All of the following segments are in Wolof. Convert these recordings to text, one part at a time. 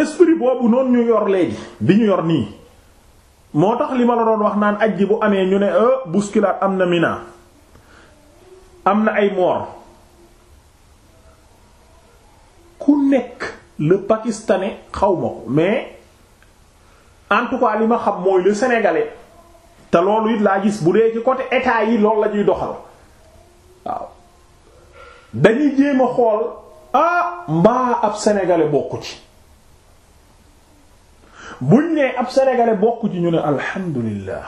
esprit boobu noonu ñu yor léegi bi ñu yor nii moo tax li ma la doon wax naan aj ji bu amee ñu ne ah bousculade am na Mina am na ay moor ku nekk le pakistanais xaw ma ko mais en tout cas xam mooy le sénégalais te loolu it laa gis bu dee ci côté état yi loolu la ñuy doxal waaw dañuy jéem a xool ah mbaa ab sénégalais bokku ci. buñ nee ab sénégalais bokk ci ñu ne alhamdulillah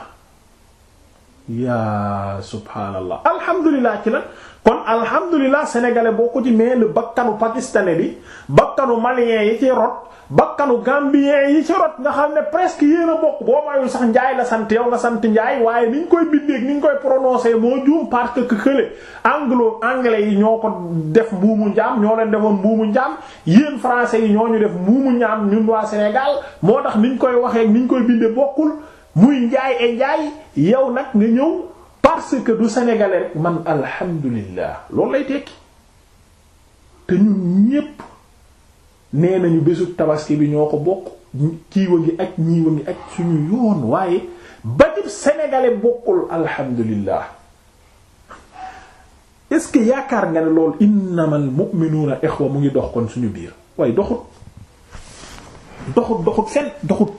yaa subhaanallah alhamdulillah ci la kon alhamdulilah sénégalais boo ko ci mais le bakkanu pakistanais bi bakkanu malien yi ci rot bakkanu gambien yi ci rot nga xam ne presque yéen a bokk boo mayul sax njaay la sant yow nga sant njaay waaye ni ñu koy bindee ni ñu koy prononcer moo juum parce que kële anglo anglais yi ñoo ko def mbuumu njaam ñoo leen defoon mbuumu njaam yéen français yi ñoo ñu def mbuumu njaam ñun waa Sénégal moo tax ni ñu koy waxee ni koy bindee bokkul muy njaay e njaay yow nag nga ñëw. parce que du sénégalais rek man alhamdulillah lool lay tekki te ñun ñépp nee nañu bésub tabaski bi ñoo ko bokk kiiwa ngi ak ñiiwa ngi ak suñu yoon waaye ba jub sénégalais bokkul alhamdulillah est-ce que yaakaar nga ne loolu innamal mu'minuuna ixwa mu ngi dox kon suñu biir waaye doxut doxut doxut fen doxut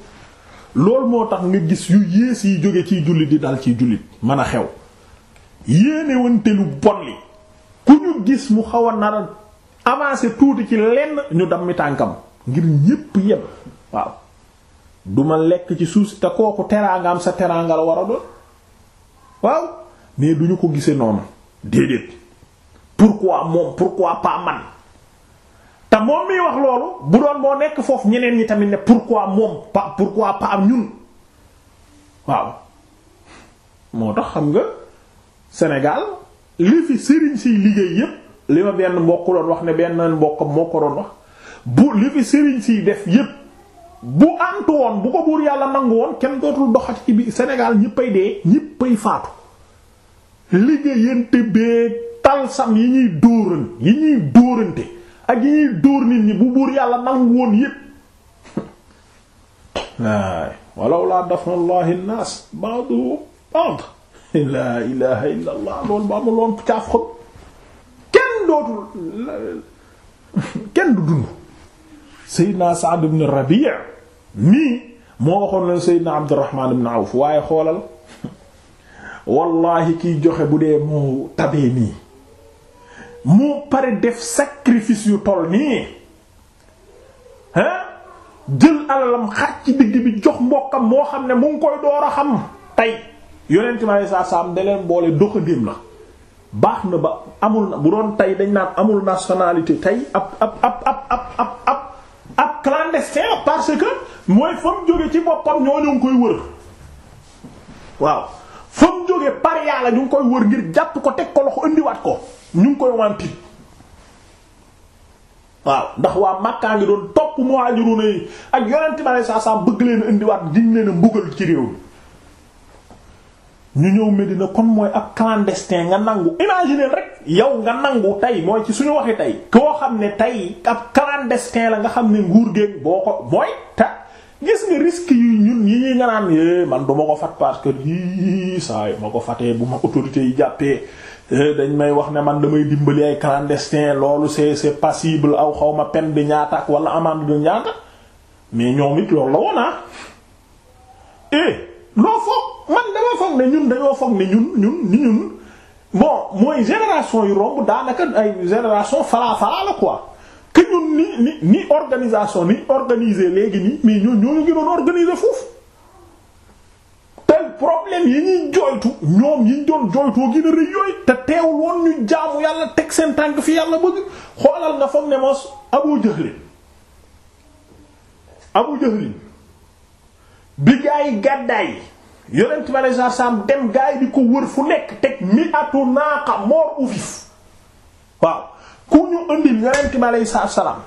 loolu moo tax nga gis yu yées yi jóge ciy jullit yi dal ciy jullit mën a xew yéene lu bon li ku ñu gis mu xaw a nar a tuuti ci lenn ñu dammi tànkam ngir ñépp yem waaw duma lekk ci suuf si te kooku teraangaam sa teraanga la doon waaw mais duñu ko gisee noonu déedéet pourquoi moom pourquoi pas man te moom miy wax loolu bu doon moo nekk foofu ñeneen ñi tamit ne pourquoi moom pas pourquoi pas ñun waaw moo tax xam nga Sénégal li fi sëriñ siy liggéey yépp li ma benn mbokk doon wax ne benn mbokkam moo ko doon wax bu li fi sëriñ siy def yëpp bu antu woon bu ko buur yàlla nangu woon kenn dootul doxati ci bi Sénégal ñéppay dee ñéppay faatu liggéeyante bee talsam yi ñuy dóoran yi ñuy dóorante ak yi dóor nit ñi bu buur yàlla nangu woon yépp waay walaw laa dafna llahi nnaas ba'duhum ba'd laa ba amul woon caaf xob kenn dootul kenn du dund Seydina Sa'd ibn Rabi' nii moo waxoon leen Seydina Abdurrahman ibn Awf waaye xoolal wallahi kiy joxe bu dee moo tabee nii mu pare def sacrifice yu toll nii hein jël alalam xaaj ci digg bi jox mbokkam moo xam ne mu ngi koy door a xam tey yonent mi alayhi salaam da leen boole doxandéem na baax na ba amul na bu doon tey dañ naan amul nationalité tey ab ab ab ab ab ab ab clandestin parce que mooy fa mu jóge ci boppam ñoo ñu ngi koy wër waaw. fa mu jógee pare yàlla ñu ngi koy wër ngir jàpp ko teg ko loxo indiwaat ko ñu ngi koy wantit waaw ndax waa Makka ngi doon topp muhajiruna yi ak yonent bi alayhi salaam bëgg leen indiwaat leen a mbugal ci réew ñu ñëw Medina kon mooy ab clandestin nga nangu imaginer rek yow nga nangu tey mooy ci suñu waxi tey koo xam ne tey ab clandestin la nga xam ne nguur géeg boo ko mooy ta gis nga risque yi ñun yi ñuy nganaan é eh, man du ko fat parce que i saa yu ma ko fatee bu ma autorité yi jàppee eh, dañ may wax ne man damay dimbali ay clandestin loolu c'est c'est passible aw xaw ma peine de ñaata ak wala amande de ñaata mais ñoom it loolu la woonaa ah. eh loo foog man dama foog ne ñun dañoo foog ne ñun ñun ni ñun bon mooy génération yu romb daanaka ay génération fala fala la quoi que ñun ni ni ni organisation ni organiser léegi nii mais ñoo ñoo ñu gënoon organiser foofu tel problème yi ñuy jooytu ñoom yi ñu doon jooytoo gën a rëy yooyu te teewul woon ñu jaamu yàlla teg seen tànk fi yàlla bëgg xoolal nga foog ne mos Abu Jahl Abu Jahl bi gaa yi gàddaay yonent bi alayhi salaam dem gaa yi di ko wër fu nekk teg mi atu naaqa mort ou vif waaw ku ñu indil yonent bi aleyhi salaatu salaam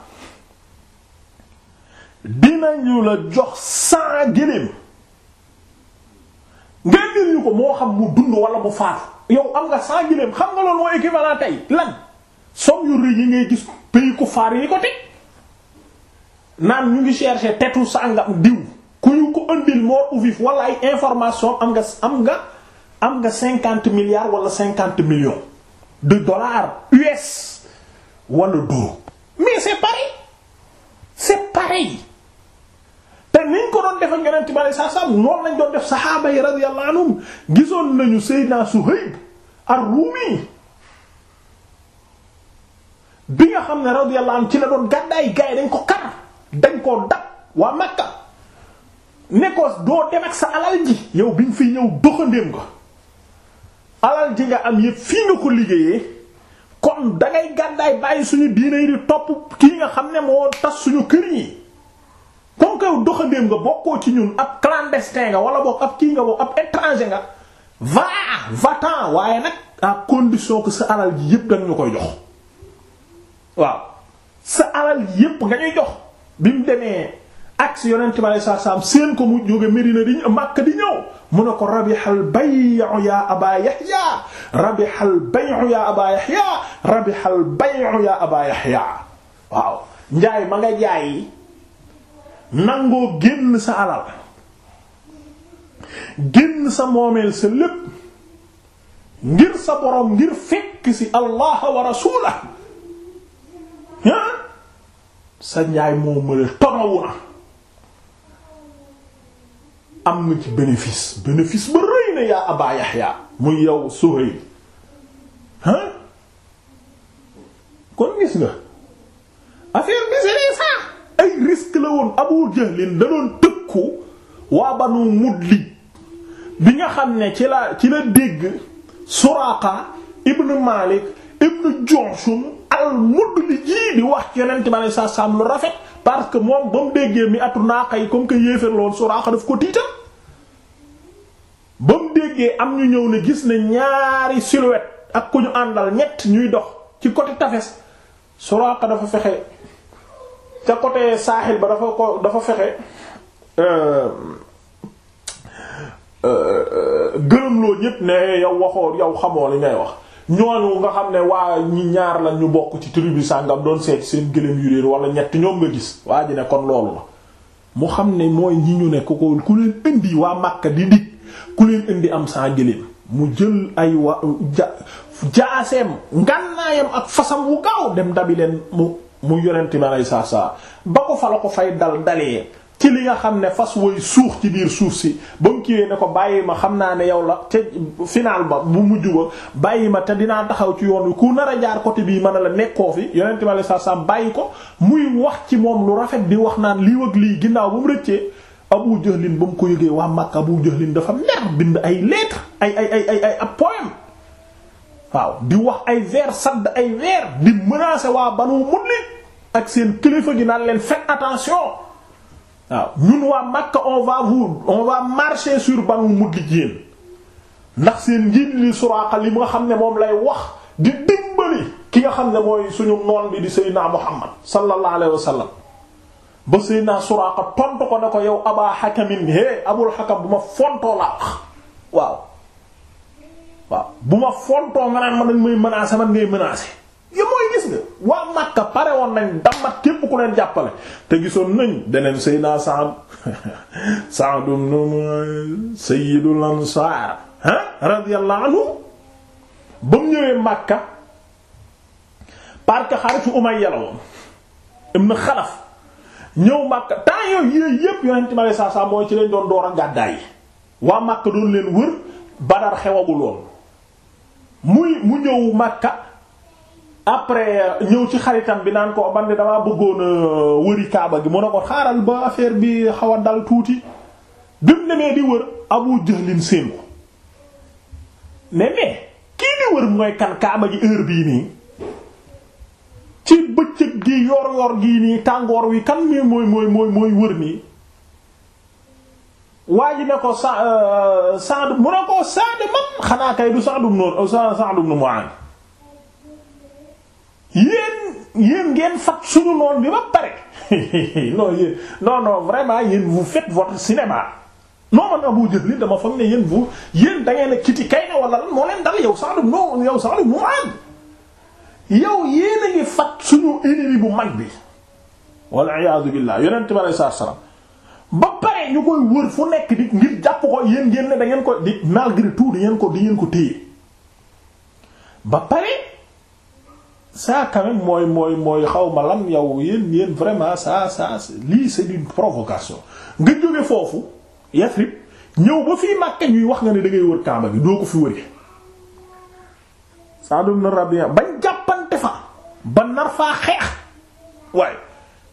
dinañu la jox cent géléem nga indil ñu ko moo xam mu dund wala mu faatu yow am nga san géléem xam nga loolu mooy équivalent tey lan somme yu rëy yi ngay gis pays ku faar yi ko teg naan ñu ngi chercher tetu sàngam diw ku ñu ko indil mort ou vif wala ay information am nga am nga am nga cinquante milliards wala cinquante millions de dollars US wala dóor mais c'est pareil c'est pareil te niñ ko doon def ak yonent bi saa saa noonu lañ doon def saxaaba yi radiyallahu gisoon nañu Seydina Suhayb ar-Rumi bi nga xam ne radiyallahu ci la doon gàddaay gaay dañ ko kar dañ koo dab waa Makka ne doo dem ak sa alal ji yow biñ fi ñëw doxandéem nga alal ji nga am yépp fii nga ko liggéeyee. comme dangay gàddaay bàyyi suñu diine yi di topp kii nga xam ne moo tas suñu kër yi comme que doxandéem nga bokkoo ci ñun ab clandestin nga wala boog ab kii nga boog ab étranger nga va vatan waaye nag à condition que sa alal ji yépp danga ñu koy jox waaw sa alal yépp nga ñuy jox bi mu demee agsi yonent bi alei satu salaam seen ko mu jóge Medina di Makka di ñëw mu ne ko rabihal bay'u ya aba yahya rabihal bay'u ya aba yahya njaay ma nga jaay nangoo génn sa alal génn sa moomeel sa lépp ngir sa borom ngir fekk ci allah wa rasulah sa njaay moo mële tonawu na am nga ci bénéfice bénéfice ba rëy na yaa Aba Yaxya muy yow Suhayl ah kon gis nga affaire bi c'est ça ay risque la woon Abu Jahlin da tëkku waa Banu Mudlij bi nga xam ne ci la ci la dégg Suraqa ibn Malik ibn Jushum al-Mudliji di wax ci Yonent bi saa saam lu rafet parce que moom ba mu déggee mi atu naaka yi comme que yéefar la woon daf ko tiital ba mu déggee am ñu ñëw ne gis na ñaari silhouette ak ku ñu àndal ñett ñuy dox ci côté tafes Suraaqa dafa fexe ca côté saaxil ba dafa ko dafa fexe euh, euh, euh, gërëmloo ñépp ne yow waxoo yow xamoo li ngay wax ñooñu nga xam ne waa ñi ñaar la ñu bokk ci tribu sàngam doon seet seen gëléem yu réer wala ñett ñoom nga gis waa ji ne kon loolu la mu xam ne mooy ñi ñu ne ko ku leen indi waa Makka di dig ku leen indi am saa gëléem mu jël ay wa ja jaaseem ngànnaayam ak fasam wu gaaw dem dabi leen mu mu yonent bi alay saa saa ba ko fa la ko fay dal dalee ci li nga xam ne fas woy suux ci biir suuf si ba mu kiiwee ne ko bàyyi ma xam naa ne yow la te final ba bu mujj ba bàyyi ma te dinaa taxaw ci yoon ku nar a jaar côté bii mën a la nekkoo fi yonent bi alay saa saa bàyyi ko muy wax ci moom lu rafet di wax naan lii wëg lii ginnaaw bu mu rëccee Abu Jahlin ba mu ko yëgee waa Makka Abu Jahlin dafa mer bind ay lettres ay ay ay ay ay ab waaw di wax ay vers sadd ay weer di menacer waa Banu Mudlij ak seen kilifa gi naan leen fet attention waaw ñun waa Makka on va vous on va marcher sur Banu Mudlij yéen ndax seen njiit li Suraaqa li nga xam ne moom lay wax di dimbali ki nga xam ne mooy suñu noon bi di Seydina Muhammad sallallahu alayhi wa ba Seydina Suraaqa tontu ko ne ko yow Abaa Hakamin hé Abul Hakam bu ma fontoo laa wax waaw waaw bu ma fontoo nga ma dañ may menacer man ngay menacer yow mooy gis nga waa Makka pare woon nañ dammat képp ku leen jàppale te gisoon nañ deneen Seydina Sa'd Sa'd ibn Mu'aaz Sayyidul Ansaar ah radiyallahu ba mu ñëwee Makka parce que xaritu Umayya la woon ibn Xalaf ñëw Makka temps yooyu yooyu yëpp yonent ma lay saa saa mooy ci lañ doon door a gàddaay yi waa Makka doon leen wër Badar xewagul woon muy mu ñëw Makka après ñëw ci xaritam bi naan ko man de damaa bëggoon a euh, wëri Kaaba gi mu ne ko xaaral ba affaire bi xaw a dal tuuti bi mu demee di wër Abu Jahlin seen ko mais kii di wër mooy kan Kaaba gi heure bii nii. ci bëccëg gi yor yor gii nii tàngoor wi kan mi mooy mooy mooy mooy wër nii waa ji ne ko sa euh, Saad mu ne ko Saad man xanaa kay du Saad ibn euh, Saad ngeen fat suñu noon bi ba pare non yéen non non vraiment yéen vous faites votre cinéma non man Abu Jahl dama foog ne yéen vous yéen da a kiti kay na wala lan moo leen dal yow Saad ibn yow Saad yow yéen ngi fat suñu ennemi bu mag bi walla iyaadu billaah yonent bi alayhi salaam ba pare ñu koy wër fu nekk di ngir jàpp ko yéen ngeen ne da ngeen ko di malgré tout di ngeen ko di ngeen ko téye ba pare ça quand même mooy mooy mooy xaw ma lan yow yéen yéen vraiment ça ça lii c'est une provocation nga jóge foofu Yasrib ñëw ba fii Makka ñuy wax nga ni da ngay wër Kaaba gi doo ko fi wëri Saadu ibn Rabi'a bañ jàpp ba nar faa xeex waaye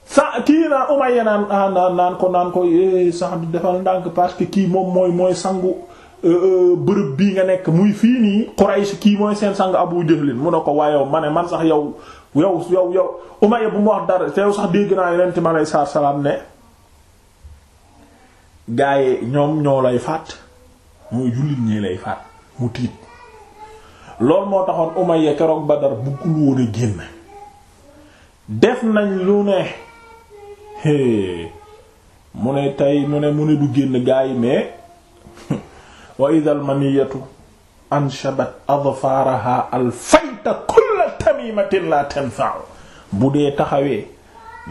sa kii naan Umayya naan ah, naan ko naan ko eh, Sa'd defal ndànk parce que kii moom mooy mooy sangu eh, eh, bërëb bii nga nekk muy fii nii Quraysh kii mooy seen sang Abu Jahl mu ne ko waaye ma man sax yow yow yow yow Umayya bu mu wax dara te yow sax dégg naa Yonent ma alayhi salaatu salaam ne gaaye ñoom ñoo lay faat mooy jullit ñi lay faat mu tiit loolu moo taxoon Umayya keroog Badar buggul woon a génn def nañ lu ne mu ne tey mu ne mu ne du génn gaa yi mais wa idal maniyatu anshabat adfaaraha al kulla tamimatin la tanfa'u bu dee taxawee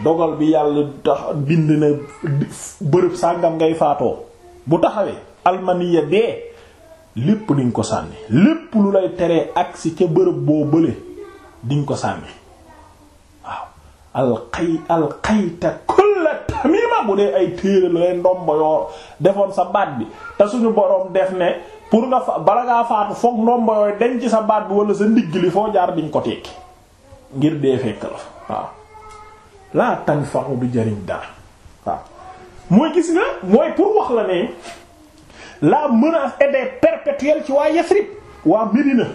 dogal bi yàlla tax bind na bërëb sàngam ngay faatoo bu taxawee almaniya dee lépp diñ ko sànni lépp lu lay teree agsi ca bërëb boo bële diñ ko sànni alqay alqayta kulla tamima bu dee ay téere la lay ndomba yoo defoon sa baat bi te suñu boroom def ne pour nga fa bala ngaa faatu foog ndomba yooyu denc sa baat bi wala sa ndigg li foo jaar diñ ko tekki ngir dee fekk la waaw laa tanfa'u du jariñ dara waaw mooy gis nga mooy pour wax la ne la menace était perpétuelle ci waa Yasrib waa Médina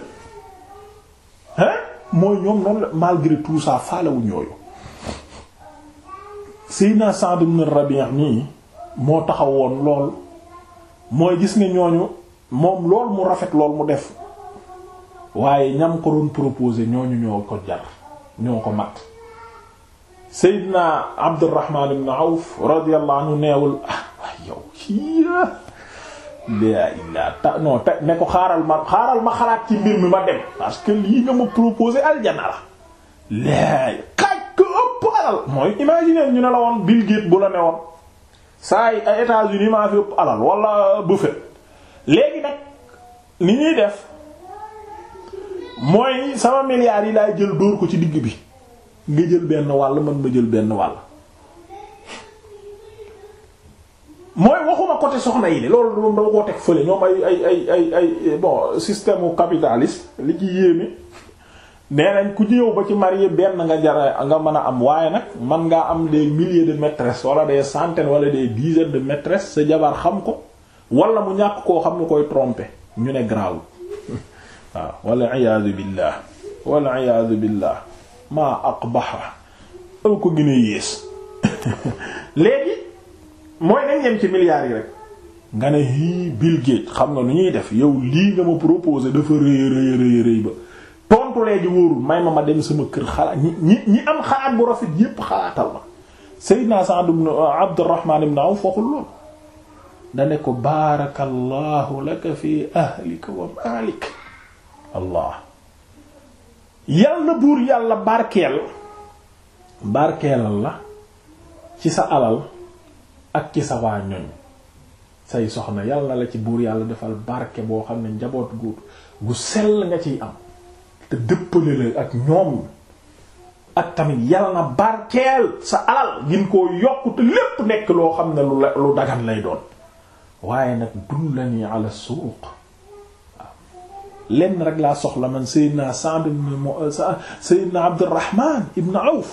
hein mooy ñoom noonu la malgré tout ça faalewu ñooyu Seydina Sa'd ibn Rabi' nii moo taxawoon lool mooy gis ne ñooñu moom lool mu rafet lool mu def waaye ñam ko doon proposé ñooñu ñoo ko jar ñoo ko mat Seydina Abdurrahman ibn Awf radiyallahu anhu neewul ah ne ko xaaral ma xaaral ma xalaat ci mbir mi ma dem parce que lii nga ma proposé aljana laay mooy imaginer ñu ne la woon Bill Gates bu la ne woon saa yi ay États-Unis maa fi ëpp alal wala Buffett léegi nag ni ñuy def mooy sama milliards yi laay jël dóor ko ci digg bi nga jël benn wàll man ma jël benn wàll mooy waxuma côté soxna yi de loolu dama koo teg fële ñoom ay ay ay ay ay bon système capitaliste li ci yéeme nee nañ ku ñëw ba ci marié benn nga jara nga mën a am waaye nag man ngaa am des milliers de maîtresses wala des centaines wala des dizaines de maîtresses sa jabar xam ko wala mu ñàkk koo xam ne koy tromper ñu ne graw waaw wala iyaadu billah wala iyaadu billah maa aqbaha al ko gën a yées léegi mooy nañ yem ci milliards yi rek nga ne hii Bill Gates xam nga nu ñuy def yow lii nga ma proposer dafa rëy rëy rëy rëy ba tontulee ji wóorul may ma ma dem suma kër xalaat ñi ñi am xalaat bu rafet yépp xalaatal ma Seydina Sa'd ibn uh, Abdurrahman ibn Awf waxul lool dane ko baarakallahu laka fi ahlika wa maalik allah yàlla buur yàlla barkeel barkeelal la ci sa alal ak ci sa waa ñoñ say soxna yàlla na la ci buur yàlla defal barke boo xam ne njaboot gu gu sell nga ciy am te dëppale la ak ñoom ak tamit yàlla na barkeel sa alal gin koo yokk te lépp nekk loo xam ne lu lu dagan lay doon waaye nag dullani ala suuq waaw lenn rek laa soxla man Seydina Sa'd ibn Seydina Abdurrahman ibn Awf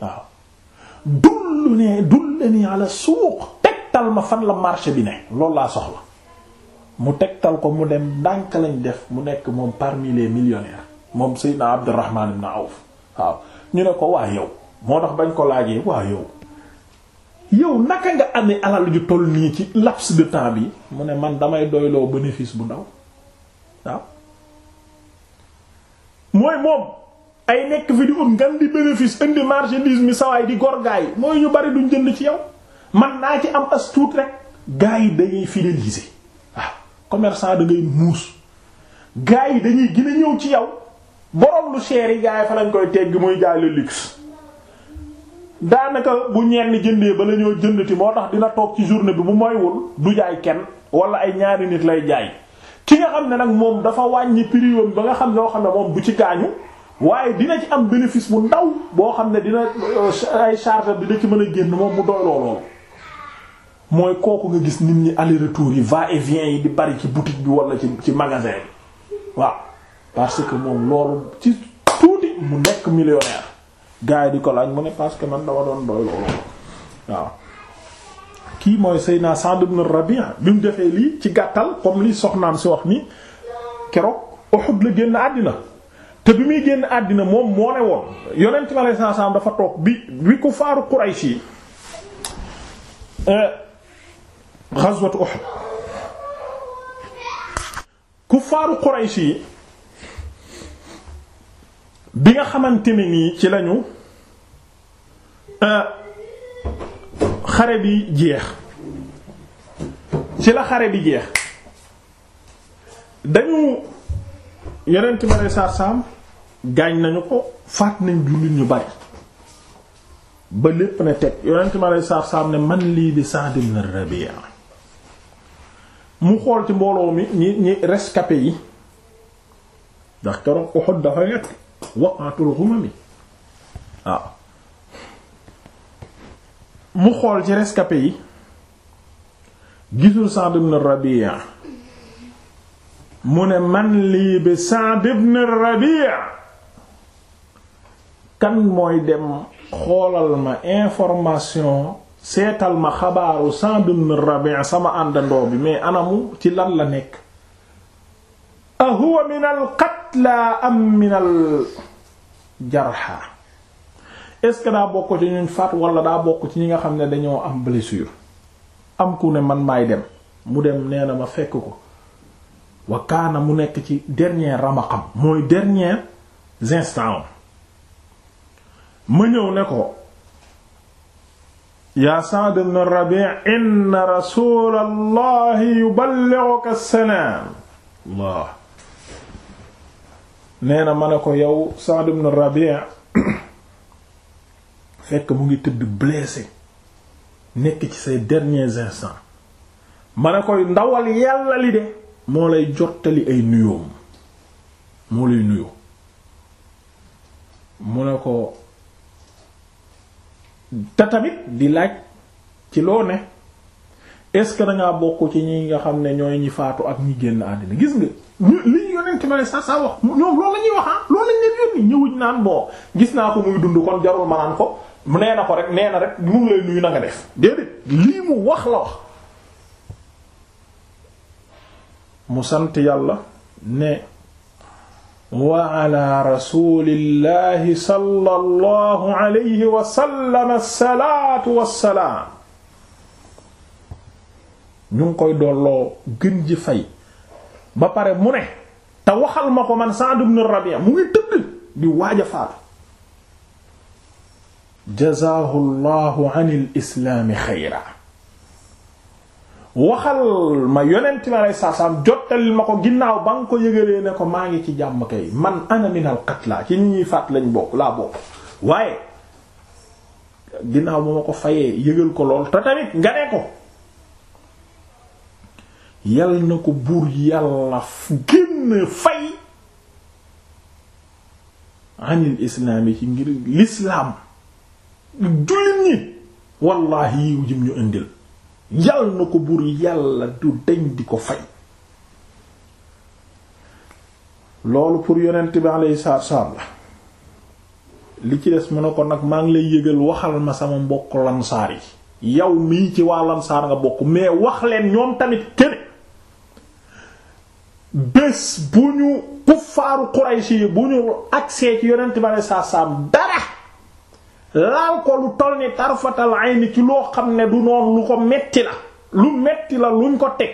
waaw dullani dullani ala suuq tegtal ma fan la marché bi ne loolu laa soxla mu tegtal ko mu dem ndànk lañ def mu nekk moom parmi les millionnaires moom Seydina Abdurrahman ibn Awf waaw ñu ne ko waa yow moo tax bañ ko laajee waa yow yow naka nga amee alal ju toll nii ci laps de temps bi mu ne man damay doyloo bénéfice bu ndaw waaw mooy moom ay nekk fi di ut ngan di bénéfice indi marchandise mi sawaay di gor gaay mooy ñu bari duñ jënd ci yow man naa ci am as tuut rek gaay yi dañuy fidéliser commerçant da ngay muus gars yi dañuy gën a ñëw ci yow borom lu cher yi gars fa lañ koy tegg muy jaay le luxe daanaka bu ñenn jëndee ba la ñoo jëndati moo tax dina toog ci journée bi bu moywul du jaay kenn wala ay ñaari nit lay jaay ki nga xam ne nag moom dafa wàññi prix ba nga xam ne noo xam ne moom bu ci gaañu waaye dina ci am bénéfice bu ndaw boo xam ne dina euh, ay charge dina ci mën a génn moom mu doy lool mooy kooku nga gis nit ñi aller retour yi va et vient yi di bari ci boutique bi wala ci ci magasin bi waaw parce que moom loolu ci tuuti mu nekk millionnaire gars yi di ko laaj mu ne parce que man dama doon doy loolu waaw kii mooy san Sa'd ibn Rabi' bi mu defee lii ci gàttal comme lii soxnaan si wax ni keroog Uhud la génn àddina te bi muy génn àddina moom moo ne woon yonent mi alayhi salaam dafa toog bi bi ku faaru Quraysh yi euh, ghazwat Uhud kuffaaru yi bi nga xamante ne nii ci lañu euh, xare bi jeex ci la xare bi jeex dañu yonent ma lay sarsam gaañ nañu ko faat nañ jullit ñu bari ba lépp na teg yonent ma lay sarsam ne man lii bi Sa'd ibn Rabi'a mu xool ci mbooloo mi ñi ñi rescapé yi ndax keroog Uhud dafa nekk waqatul ghumami waaw mu xool ci rescapé yi gisul Sa'd ibn Rabi' mu ne man lii bi Sa'd ibn Rabi' kan mooy dem xoolal ma information seetal ma xabaaru Sa'd ibn Rabi' sama àndandoo bi mais anamu ci lan la nekk a huwa min al qatla am min al jarha est daa bokk ci ñuñ faat wala daa bokk ci ñi nga xam ne dañoo am blessure am ku ne man maay dem mu dem nee na ma fekk ko wa kaana mu nekk ci dernier ramaqam mooy dernier instant ma ñëw ne ko yaa Sa'd ibn Rabi' inna rasulallahi yuballighuka salaam Allah nee na ko yow Sa'd ibn Rabi' fekk mu ngi tëdd blessé nekk ci say derniers instants ma ne koy ndawal yàlla li de moo lay jottali ay nuyoom moo lay nuyoo mu ne ko te tamit di laaj ci loo ne est-ce que dangaa bokk ci ñi nga xam ne ñooy ñi faatu ak ñi génn àddina gis nga li ñu yonent ma ne sa sa wax ñoom loolu la wax ah loolu lañ leen yónni ñëwuñ naan bon gis naa ko muy dund kon jarul ma naan ko nee na ko rek nee na rek mu ngi nuyu na nga def déedéet lii mu wax la wax mu sant yàlla ne wa ala rasulillahi sallallahu alayhi wa sallam salaatu wa salaam ñu ngi koy dolloo gën ji fay ba pare mu ne te waxal ma ko man Sa'd ibn Rabi' mu ngi tëdd di waaj a faatu. jazaahu llahu anil islaami xayra waxal ma yonent mi aleyhi salaatu salaam jottalil ma ko ginnaaw ba nga ko yëgalee ne ko maa ngi ci jàmm kay man ana minal ci ñi ñuy faat lañ bokk laa bokk waaye ginnaaw ba ma ko fayee yëgal ko lool te tamit nga ne ko yal na ko buur yàlla génn fay anil islaam yi ci ngir lislaam jullit ñi wallaahi yiw jëm ñu indil yal na ko buur yàlla du deñ di ko fay loolu pour yonent bi alayhi salaatu salaam la li ci des mu ne ko nag maa ngi lay yëgal waxal ma sama mbokk lansaar yi yow mii ci waa lansaar nga bokk mais wax leen ñoom tamit kene bés bu ñu kuffaaru Quraysh yi bu ñu agsee ci yonent bi alayhi salaatu salaam dara laal ko lu toll ni tarfatal ayni ci loo xam ne du noonu lu ko metti la lu metti la luñ ko teg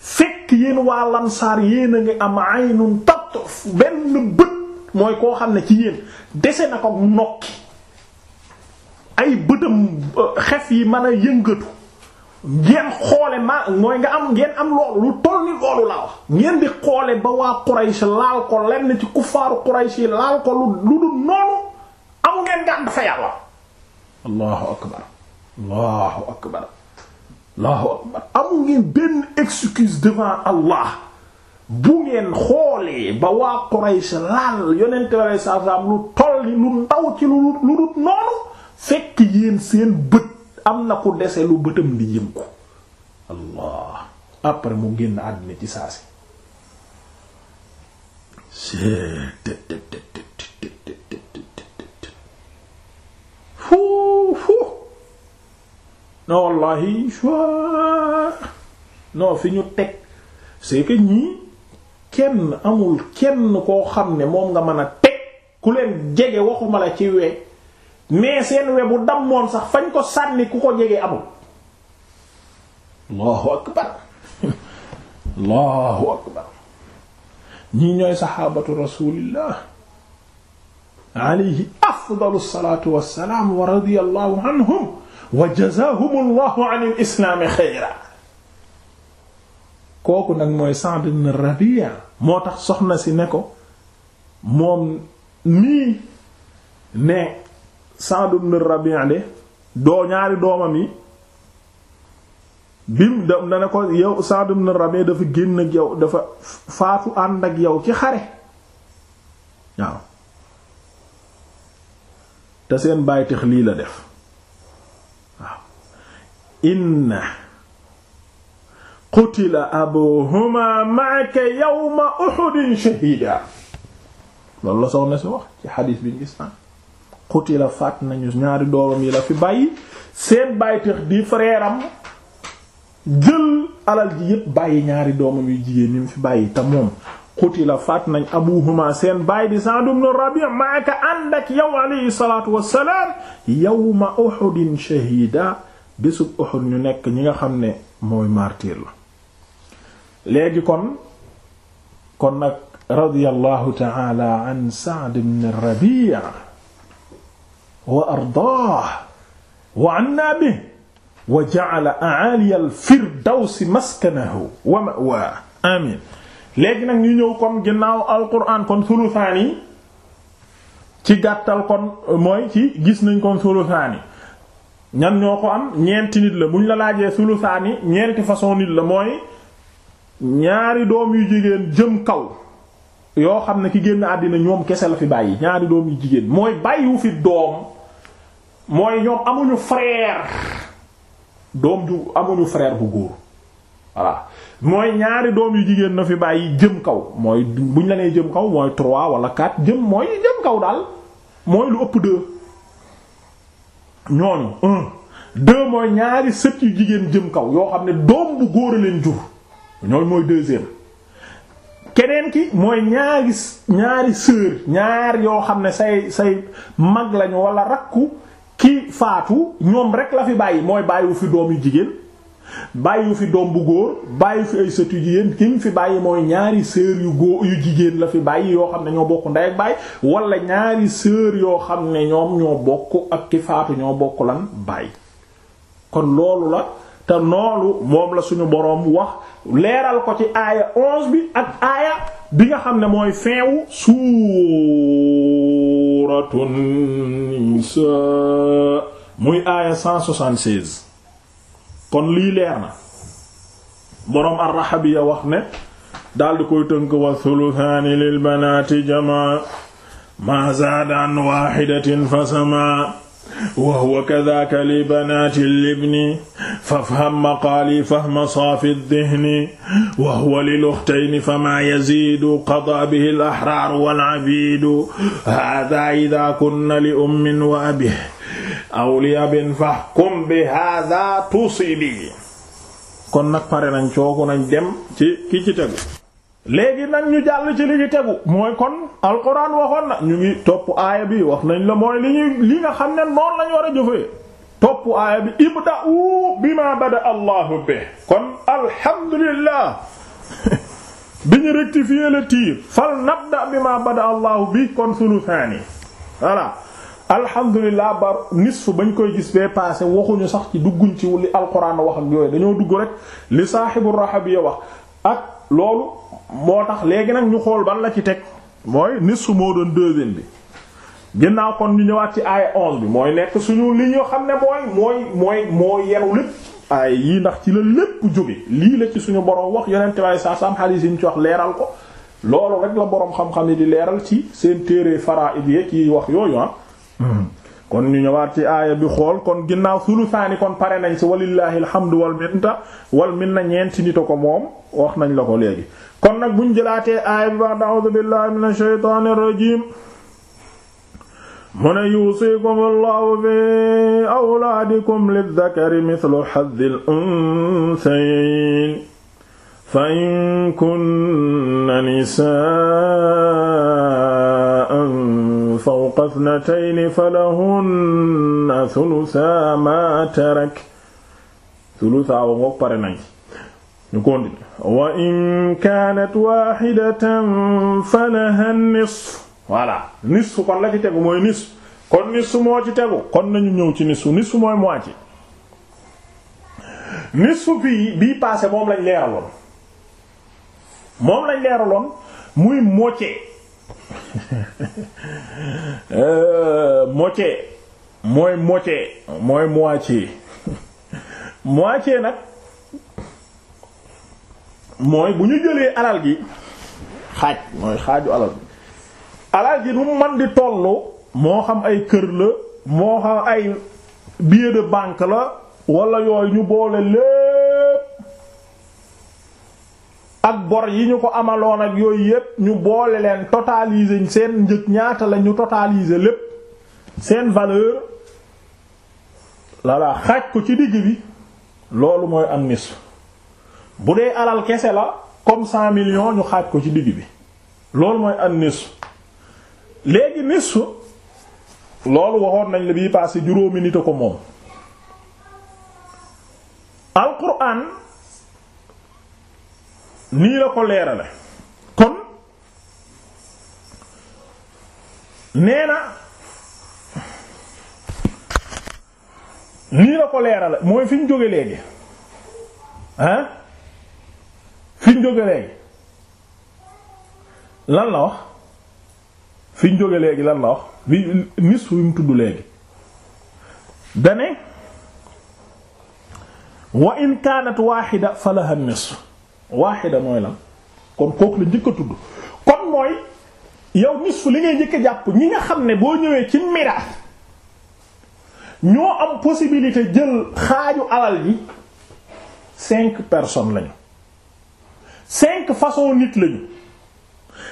fekk yéen waa lansaar yéen a ngi am aynun tatrof benn bët mooy koo xam ne ci yéen dese na ko nokki ay bëtam euh, xef yi mën a yëngatu ngeen xoole ma mooy nga am ngeen am loolu lu toll ni loolu laa wax ngeen di xoole ba waa Quraysh laal ko lenn ci kuffaaru Quraysh yi laal ko lu lu noonu amu ngeen ngànt fa yàlla allahu akbar allahu akbar allahu akbar amu ngeen benn excuse devant allah bu ngeen xoolee ba waa Quraysh laal yonente bi aleyhi salaatu salaam lu toll ni lu ndaw ci lu lu dut noonu fekk yéen seen bët am na ku dese lu bëtam di yëm ko allah après mu génn àddina ci saa si. fu fu non wallahi non fi ñu teg c'est que ñii kenn amul kenn koo xam ne moom nga mën a teg ku leen jege waxuma la ci we mais seen we bu dammoon sax fañ ko sànni ku ko jege amul allahu akbar allahu akbar ñii ñooy saxaabatu rasulillah alayhi afdalu salaatu wa salaam wa radiyallahu anhum wa jazaahumullahu an al-islaami kooku nag mooy Sa'd ibn Rabi' moo tax soxna si ne ko moom nii ne Sa'd ibn Rabi' de doo ñaari doomam yi bim da ne ko yow Sa'd ibn Rabi' dafa génn ak yow dafa faatu ànd ak yow ci xare waaw te seen bàytix lii la def waaw inna qutila abuhuma ma'aka yawma uhudin shahida loolu la soxna si wax ci xadiis bi ñu gis naan qutila faat nañu ñaari doomam yi la fi bàyyi seen bàytix di frère am jël alal ji yépp bàyyi ñaari doomam yu jigéen ñi fi bàyyi te moom qutila faat nañ abuhuma seen baay di Sa'd ibn Rabi' maaka ànd ak yow alayhi salaatu wassalaam yawma Uhudin shahida bésub Uhud ñu nekk ñi nga xam ne mooy martyr la léegi kon kon nag radiyallahu ta'ala an Sa'd ibn Rabi' wa ardaah wa anna bihi wa ja'ala a'ali al-firdawsi maskanahu wa ma'waahu amiin léegi nag ñu ñëw kon ginnaaw alquran kon sulusaan yi ci gàttal kon mooy ci gis nañ kon sulusaan yi ñan ñoo ko am ñeenti nit la buñ la laajee sulusaan yi ñeenti façon nit la mooy ñaari doom yu jigéen jëm kaw yoo xam ne ki génn àddina ñoom kese la fi bàyyi ñaari doom yu jigéen mooy bàyyiwu fi doom mooy ñoom amuñu frère doom ju amuñu frère bu góor voilà mooy ñaari doom yu jigéen na fi bàyyi jëm kaw mooy buñ la nee jëm kaw mooy trois wala quatre jëm mooy jëm kaw daal mooy lu ëpp deux ñooñu un mooy ñaari sët yu jigéen jëm kaw yoo xam ne doom bu góor a leen jur ñooñu mooy deuxième keneen ki mooy ñaari ñaari ñaar yoo xam ne say say mag lañu walla rakku ki faatu ñoom rek la fi bàyyi mooy bàyyiwu fi doom yu jigéen bàyyi fi doom bu góor bàyyi fi ay sët yu jigéen ki fi bàyyi mooy ñaari sœur yu góor yu jigéen la fi bàyyi yoo xam ne ñoo bokk ndey ak wala ñaari sœur yoo xam ne ñoom ñoo bokk ak ki faatu ñoo bokk lan baay kon loolu la te noolu moom la suñu boroom wax leeral ko ci aaya onze bi ak aaya bi nga xam ne mooy feewu suuratun nisaa muy aaya 176 kon lii leer na boroom ar-Raxabiya wax ne daal di koy tënk wa thuluthaani lil banaati jamaa maa zaada an waaxidatin fa samaa wa huwa kadhaaka li banaati libni fafham maqaali fahma saafi dihni wa huwa lil ukhtayni famaa yaziidu qadaa bihi al-ahraar wal abiidu haadhaa idhaa kunna li ummin wa abihi awliya bin fahkum bi hadha tusibi kon nag pare nañ cooku nañ dem ci ki ci tegu léegi nag ñu jàll ci li ci tegu mooy kon alquran waxoon na ñu ngi topp aaya bi wax nañ la mooy li ñuy li nga xam ne noonu lañ war a jëfee topp aaya bi ibda'u bima bada allahu bi kon alhamdulillah bi ñu rectifier le tir fal nabda bima bada allahu bi kon sulu saani alhamdulilah ba nisf bañ koy gis bee passé waxuñu sax ci dugguñ ci li alquran wax ak yooyu dañoo dugg rek li saaxibu rahabiya wax ak loolu moo tax léegi nag ñu xool ban la ci teg mooy nisf moo doon deuxième bi ginnaaw kon ñu ñëwaat ci aaya onze bi mooy nekk suñu li ñoo xam ne mooy mooy mooy moo yeru lépp aaya yii ndax ci la lépp jóge lii la ci suñu borom wax yonente way sa sam yi ñu ci wax leeral ko loolu rek la boroom xam-xam yi di leeral ci seen téere faraa'id yi ci wax yooyu ah Hmm. kon ñu ñëwaat ci aaya bi xool kon ginnaaw sulusaani kon pare nañ ci walillahi alhamdu wal minta minna ñeenti nit ko moom wax nañ la ko léegi kon nag buñ jëlaatee aaya bi baax a'udhu billahi minash shaytanir rajim mu ne yuusikum allahu fi awlaadikum lidhakari mithlu hazzil unthayayn fa in kunna nisaa فوق اثنتين فلهن ثلثا ما ترك ثلثا wa ngoog pare nañ ñu kondi wa in kaanat waahidatan falaha nisf voilà nisf kon la ci tegu mooy nisf kon nisf moo ci tegu kon nañu ñëw ci nisf nisf mooy moitié nisf fii bii passé moom lañ leeraloon moom lañ leeraloon muy moitié Euh, moitié mooy moitié mooy moitié moitié nag mooy bu ñu jëlee alal gi xaaj mooy xaaju alal gi alal ji nu man di tollu moo xam ay kër la moo xam ay billet bànk la walla yooyu ñu boole lépp bor yi ñu ko amaloon ak yooyu yépp ñu boole leen totaliser seen njëg ñaata la ñu totaliser lépp seen valeur lala xaaj ko ci digg bi loolu mooy am nisf bu dee alal kese la comme cent millions ñu xaaj ko ci digg bi loolu mooy am nisf léegi nisf loolu waxoon nañ la bii passé juróomi nit a ko moom alquran nii la ko leerale kon nee na nii la ko leerale mooy fi ñu jóge léegi hein fi ñu jóge léegi lan la wax fi ñu jóge léegi lan la wax bi nis wi mu tudd léegi dane wa in kaanat waaxida falaha nisf waaxida mooy la kon kooku la njëkk a tudd kon mooy yow nisfu li ngay njëkk jàpp ñi nga xam ne boo ñëwee ci miraas ñoo am possibilité jël xaaju alal ji cinq personnes lañu cinq façons nit lañu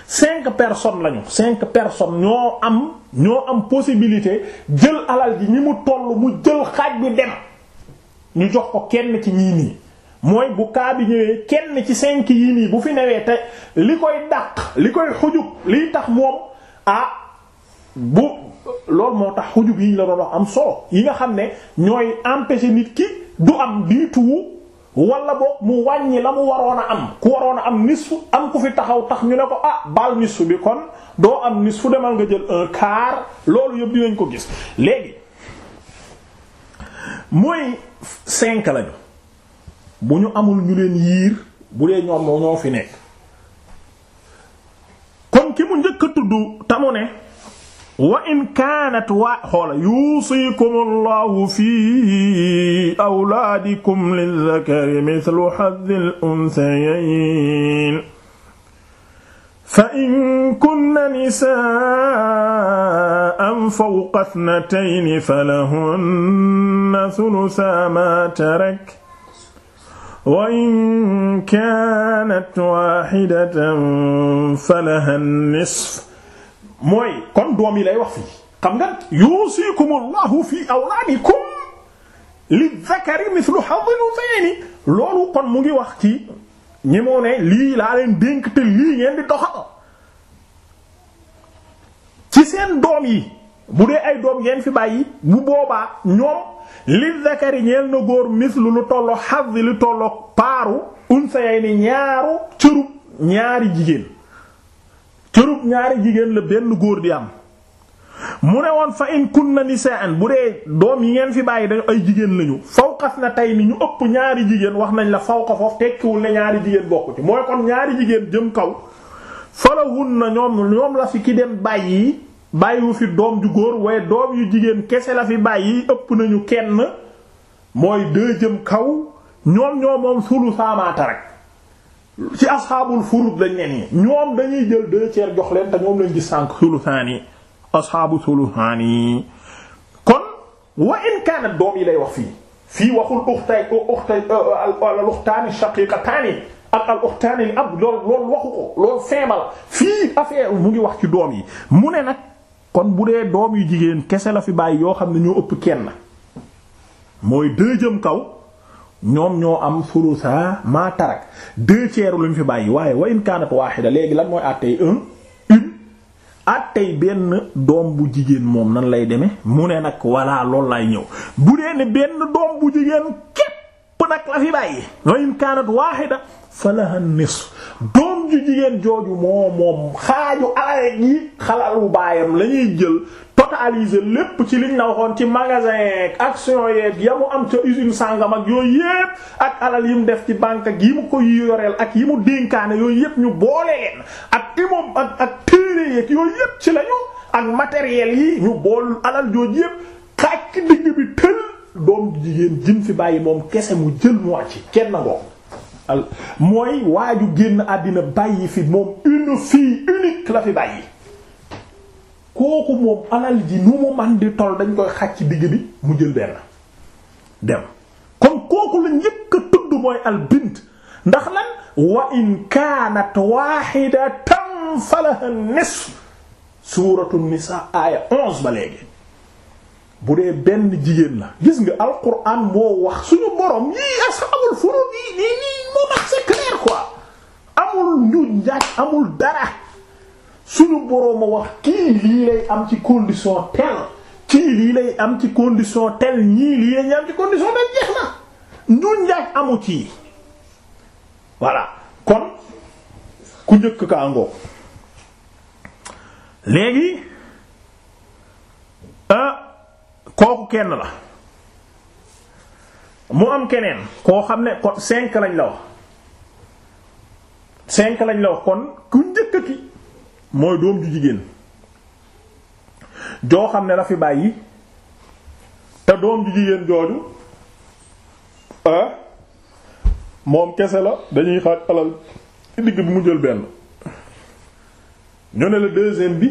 cinq personnes lañu cinq personnes ñoo am ñoo am possibilité jël alal ji ñi mu toll mu jël xaaj bi dem ñu jox ko kenn ci ñii nii mooy bu kaa bi ñëwee kenn ci cinq yii nii bu fi newee te li koy dàq li koy xujub liy tax moom ah bu lool moo tax xujub yi la doon wax am solo yi nga xam ne ñooy empêcher nit ki du am diituwu walla boog mu wàññi la mu waroon a am ku waroon a am nisfu am ku fi taxaw tax ñu ne ko ah baal nisfu bi kon doo am nisfu demal nga jël un quart loolu yëpp dinañ ko gis léegi mooy cinq lañu bu ñu amul ñu leen yiir bu dee ñoom moo ñoo fi nekk kon ki mu njëkk a tudd tamu ne wa in kaanat waa xoola yuusikum allahu fi awlaadikum lilzakari mithlu hazzil unthayayn fa in kunna nisaa'an fawqa ithnatayni falahunna thuluthaa maa taraka wa in kaanat waahidatan nisf mooy kon doom yi lay wax fii xam nga yuusikum allahu fi awlaadikum lizzakari mithlu hazzil unsayayni loolu kon mu ngi wax ci ñi moo ne lii laa leen dénk te lii ngeen di doxal ci seen doom yi bu dee ay doom ngeen fi bàyyi bu boobaa ñoom li zakari ñeel na góor mislu lu tolloo xas lu tolloo paaru unsa ni ñaaru cërub ñaari jigéen cërub ñaari jigéen la benn góor di am mu ne woon fa in kunna nisaan bu dee doom yi ngeen fi bàyyi dañu ay jigéen lañu fawqas na tey ni ñu ëpp ñaari jigéen wax nañ la fawqa foofu tekkiwul ne ñaari jigéen bokku ci mooy kon ñaari jigéen jëm kaw falahun na ñoom ñoom la fi ki dem bàyyi bàyyiwu fi doom ju góor waaye doom yu jigéen kese la fi bàyyi ëpp nañu kenn mooy deux kaw ñoom ñoo moom sulu saamaata rek ci asxaabul furud lañ leen yi ñoom dañuy jël deux tiers jox te ñoom lañ gis sànq sulusaan yi asxaabu sulusaan yi kon wa in kaanat doom yi lay wax fii fii waxul uxtay uxtay al uxtaani shaqiqataani al uxtaani ab lool loolu waxu ko fii affaire mu ngi wax ci doom yi mu ne nag kon bu dee doom yu jigéen kese la fi bàyyi yoo xam ne ñoo ëpp kenn mooy deux jëm kaw ñoom ñoo am sulusa maa tarak deux tiers fi bàyyi waaye wa in kaanat waaxida léegi lan mooy àttey un une benn doom bu jigéen moom nan lay demee mu ne nag walla lool lay ñëw bu dee ne benn doom bu jigéen képp nag la fi bàyyi wa in kaanat waahida falaha nisf doom ju jigéen jooju moom moom xaaju alal yi xalalu baayam la ñuy jël totaliser lépp ci liñ na waxoon ci magasin yeeg action yeeg ya mu am ca usine sàngam yooyu yépp ak alal yi mu def ci banque ak yi mu ko yoreel ak yi mu dénkaane yooyu yépp ñu boole leen ak imam ak ak téere yeeg yooyu yépp ci lañu ak matériel yi ñu bool alal jooju yépp xaaj ci digg bi tël doom jigéen jim fi bàyyi moom kese mu jël mu wàcc kenn ngoo mooy waaju génn àddina bàyyi fi moom une fille unique la fi bàyyi kooku moom alal ji nu mu man di tol dañ koy xàcc digg bi mu jël benn dem kon kooku la njëkk tudd mooy al ndax lan wa in kaanat wahidatan falaha nisf suuratu nisaa aaya onze ba léegi bu dee benn jigéen la gis nga alquran moo wax suñu borom yii ashabul furud yii nii nii moom ak quoi amul njuuj njaaj amul dara suñu borom a wax kii lii lay am ci condition tel kii lii lay am ci condition tel ñii lii lay am ci condition tel jeex na njuuj njaaj amu ci voilà kon ku njëkk ka angoo léegi euh, kooku kenn la mu am keneen koo xam ne kon cinq lañ la wax cinq lañ la wax kon ku njëkkati mooy doom ju jigéen joo xam ne la fi bàyyi te doom ju jigéen jooju ah, moom kese la dañuy xaaj alal ci digg bi mu jël benn ñu ne la deuxième bi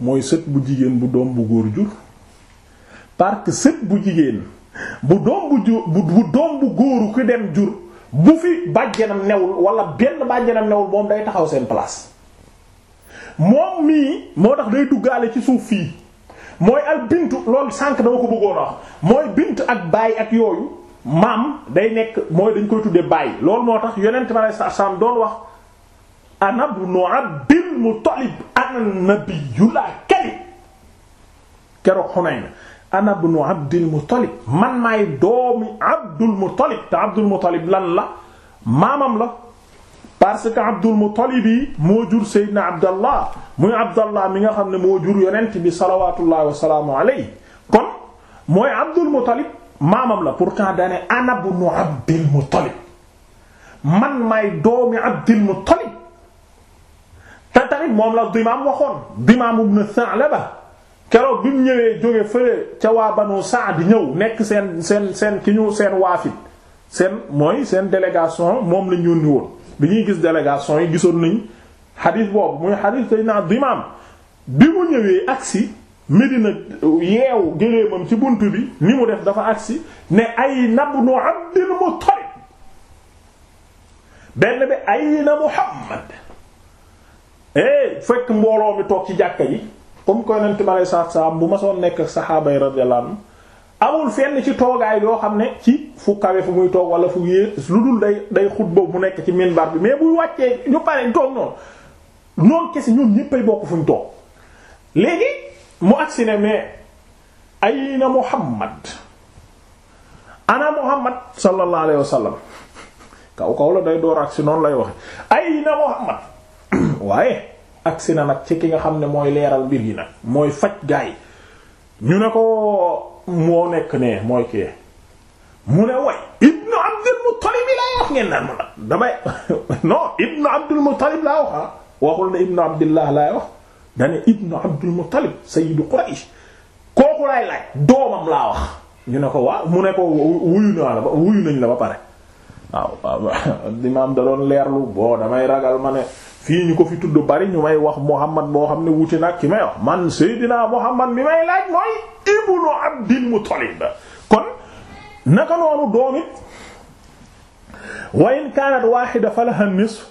mooy sët bu jigéen bu doom bu góor jur parce que sët bu jigéen bu doom bu ju bu doom bu góoru ku dem jur bu fi bàjjanam newul wala benn bàjjanam newul moom day taxaw seen place moom mii moo tax day duggaale ci suuf fii mooy al bint loolu sànq dama ko bëggoon a wax mooy bint ak baay ak yooyu maam day nekk mooy dañ koy tuddee baay loolu moo tax yonent ma sa sam doon wax anabnu abdil muttalib ana nabiyyu la kali keroog Xunayn ana ibnu Abdul Muttalib man maay doomi Abdul Muttalib te Abdul Muttalib lan la maamam la parce que Abdul Muttalib yi moo jur Seydina Abdallah muy Abdallah mi nga xam ne moo jur yonent bi salawaatullahi wa salaamu alayhi kon mooy Abdul Muttalib maamam la pourtant daane ana ibnu Abdul Muttalib man maay doomi Abdul Muttalib te tamit moom la dimaam waxoon dimaam ibnu Sa'laba keroog bi mu ñëwee jóge fële ca waa banu Saad ñëw nekk seen seen seen ki ñu seen waafit seen mooy seen délégation moom lañ yónni woon bi ñuy gis délégation yi gisoon nañ xadiis boobu muy xadiis tay naa dimaam bi mu ñëwee agsi Medina yeew géléemam ci bunt bi ni mu def dafa agsi ne ay nabnu Abdul Muttalib benn bi ay na Muhammad eh fekk mbooloo mi toog ci jàkka yi comme koy nent bi alei salaatu salaam bu masoon nekk saxaaba yi amul fenn ci toogaay yoo xam ne ci fu kawe fu muy toog wala fu yée lu dul day day xutba mu nekk ci bar bi mais buy wàccee ñu pare ñu toog noonu noonu kese ñoom ñéppay bokk fu ñu toog léegi mu agsi ne mais ay na Muhammad ana Muhammad sallallahu alayhi wasallam kaw kaw la day door agsi noonu lay waxe ay na Muhammad waaye agsi na nag ci ki nga xam ne mooy leeral mbir yi nag mooy faj gaay ñu ne ko moo nekk ne mooy kii mu ne way ibnu abdul muttalib laa wax ngeen naan man damay non ibnu abdul muttalib laa wax ah. waxul ne ibnu abdillah laay wax dane ibnu abdul muttalib sayyidu quraish kooku laay laaj doomam laa wax ñu ne ko waaw mu ne ko wuyu naa la ba wuyu nañ la ba pare waaw imaam da doon leerlu boo damay ragal ma ne fii ñu ko fi tudd bari ñu may wax Muhammad moo xam ne wuti nag ki may wax man Seydina Muhammad mi may laaj mooy ibnu Abdil Muttalib kon naka noonu doom it wa in kaanat waahida falaha nisf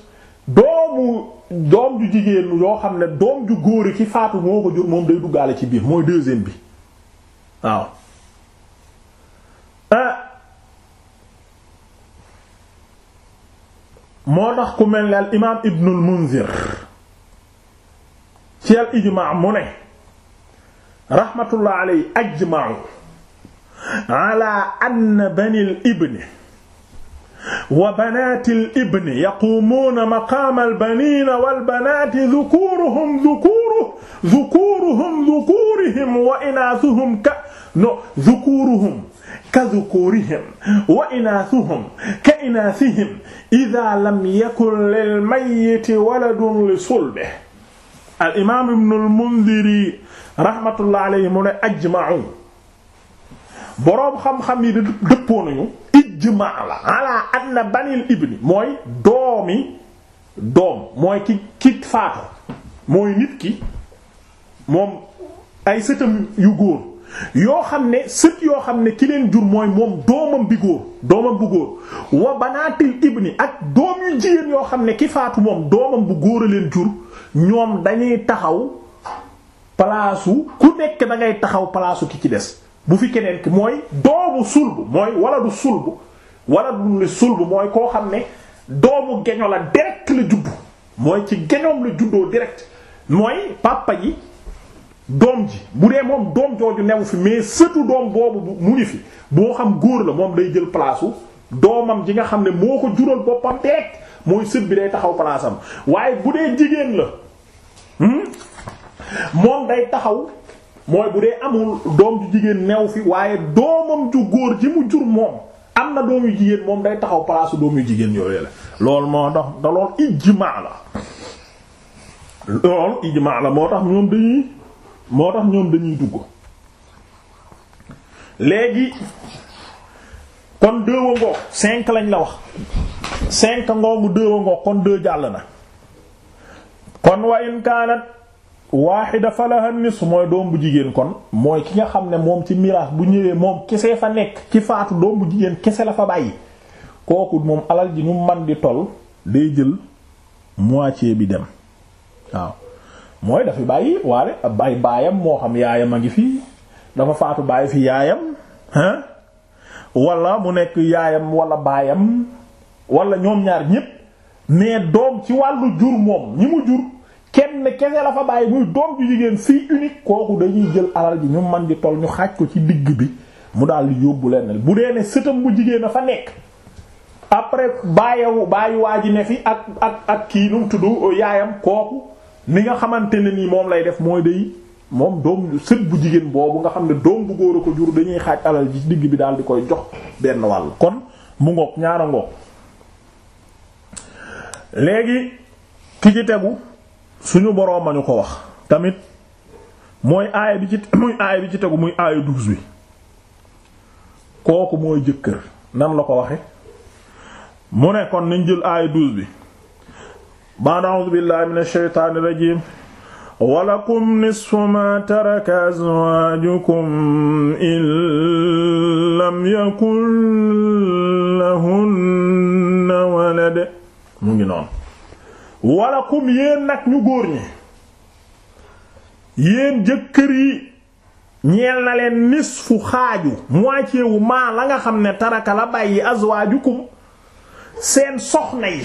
doomu doom ju jigéen yoo xam ne doom ju góor ki faatu moo ko jur moom day duggaale ci biir mooy deuxième bi waaw ah, moo tax ku mel ni al imaam ibnul munzir ci al ijmaa mu ne raxmatullah alay ajmau ala ann bani l ibni wa banaati l ibni yaquumuuna maqaama albanina walbanaati dukuuruhum dukuuru dukuuruhum dukuurihim wa inaasuhum ka no dukuuruhum ka dhukurihim wa inaathuhum ka inaathihim idha lam yakun lil mayyiti waladun li sulbihi al imaam ibn al mundhiri rahmatullahi alayhi mu ne ajma'u boroom xam-xam yi da dëppoo nañu ijmaa la ala anna banil ibni mooy doomi doom mooy ki ki faatu mooy nit ki moom ay sëtam yu góor yoo xam ne sët yoo xam ne ki leen jur mooy moom doomam bi góor doomam bu góor wa banaatil ibni ak doom yu jigéen yoo xam ne ki faatu moom doomam bu góor a leen jur ñoom dañuy taxaw palaasu ku nekk dangay taxaw palaasu ki ci des bu fi keneen ki mooy doomu sulb mooy wala du sulb wala du mooy koo xam ne doomu geño la direct la juddu mooy ci geñoom la juddoo direct mooy papa ji doom ji bu dee moom doom jooju new fi mais surtout doom boobu mu ngi fi boo xam góor la moom day jël place doomam ji nga xam ne moo ko jural boppam direct mooy sët bi day taxaw place waaye bu dee jigéen la hmm? moom day taxaw mooy bu dee amul doom ju jigéen newu fi waaye doomam ju góor ji mu jur moom am na doom yu jigéen moom day taxaw place doom yu jigéen yooyu la moo tax da lool ijmaa la loolu ijmaa la moo tax ñoom dañuy moo tax ñoom dañuy dugg léegi kon deux wa ngoog lañ la wax cinq ngoogu deux wa ngoog kon deux jàll na kon wa in kaanat waaxida falaha nisf mooy doom bu jigéen kon mooy ki nga xam ne moom ci miraas bu ñëwee moom kese fa nekk ci faatu doom bu jigéen kese la fa bàyyi kooku moom alal ji ñu man di toll day jël moitié bi dem waaw mooy dafi bàyyi waale bay baayam moo xam yaayam a ngi fii dafa faatu bàyyi fi yaayam hein wala mu nekk yaayam walla baayam wala ñoom ñaar ñépp mais doom ci wàllu jur moom ñi mu jur kenn kese la fa bàyyi muy doom ju jigéen fii unique kooku dañuy jël alal ji ñu man di toll ñu xaaj ko ci digg bi mu daal di yóbbu leen bu dee ne sëtam bu jigéen a fa nekk après bàyyiwu bàyyi waa ji ne fi ak ak ak kii nu mu tudd yaayam kooku ni nga xamante ni nii moom lay def mooy day moom doom sët bu jigéen boobu nga xam ne doom bu góor a ko jur dañuy xaaj alal ji digg bi daal di koy jox benn wàll kon mu ngoog ñaara ngoog léegi ki ci tegu suñu boroom ma ñu ko wax tamit mooy aaya bi ci muy bi ci tegu muy aaya douze bi kooku mooy jëkkër nan la ko waxe mu ne kon nañ jël aaya douze bi ba'd a'uuzu billaahi mina shaytaani rajiim walakum nisfu ma taraka azwaajukum in lam yakun lahunna walad mu ngi yéen nag ñu góor ñi yéen jëkkër yi ñeel na leen nisfu xaaju moitié wu maa la nga xam ne taraka la bàyyi azwaajukum seen soxna yi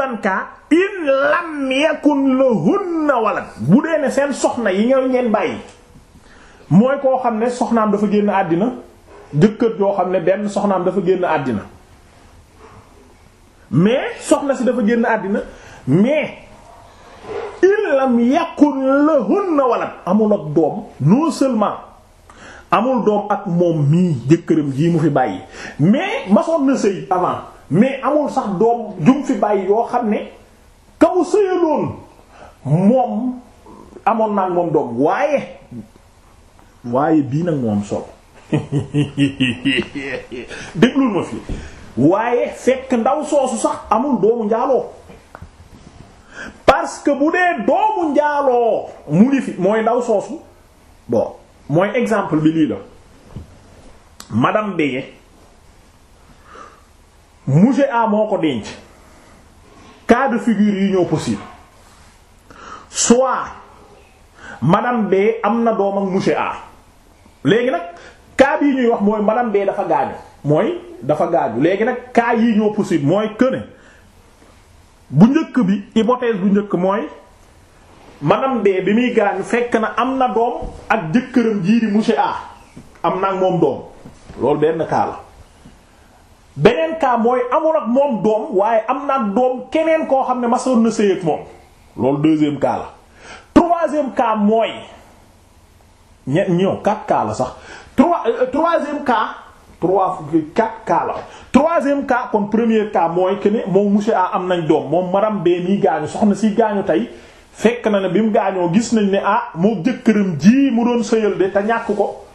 ban cas in lam yakun lahunna walad bu dee ne seen soxna yi ñooy ngeen bàyyi mooy koo xam ne soxnaam dafa génn àddina jëkkër joo xam ne benn soxnaam dafa génn àddina mais soxna si dafa génn àddina mais in lam yakun lahunna walad amul ak doom non seulement amul doom ak moom mii jëkkëram jii mu fi bàyyi mais masoon na sëy avant mais amul sax doom jum fi bàyyi yoo xam ne kaw mu sëyaloon moom amoon naa moom doom waaye waaye bii nag moom solo déglul ma fi waaye fekk ndaw soosu sax amul doomu njaaloo parce que bu dee doomu njaaloo mu ngi fi mooy ndaw soosu bon mooy exemple bi lii la madame Béye musée A moo ko denc cas de yi ñoo possible soit madame B am na doom ak monsieur léegi nag cas bii ñuy wax mooy madame B dafa gaañu mooy dafa gaañu léegi nag cas yii ñoo possible mooy que bu njëkk bi hypothèse bu njëkk mooy madame B bi muy gaañu fekk na am na doom ak jëkkëram jii di A am na ak moom doom loolu benn cas beneen cas mooy amul ak moom doom waaye am na doom keneen koo xam ne masoon na sëy moom loolu deuxième cas la troisième cas mooy ñett ñëw quatre sax trois euh, troisième cas trois quatre cas la troisième cas kon premier cas mooy que ne moom A am nañ doom moom madame B nii gaañu soxna si gaañu tey fekk na ne bi mu gaañoo gis nañ ne ah moo jëkkëram ji mu doon sëyal de te ñàkk ko.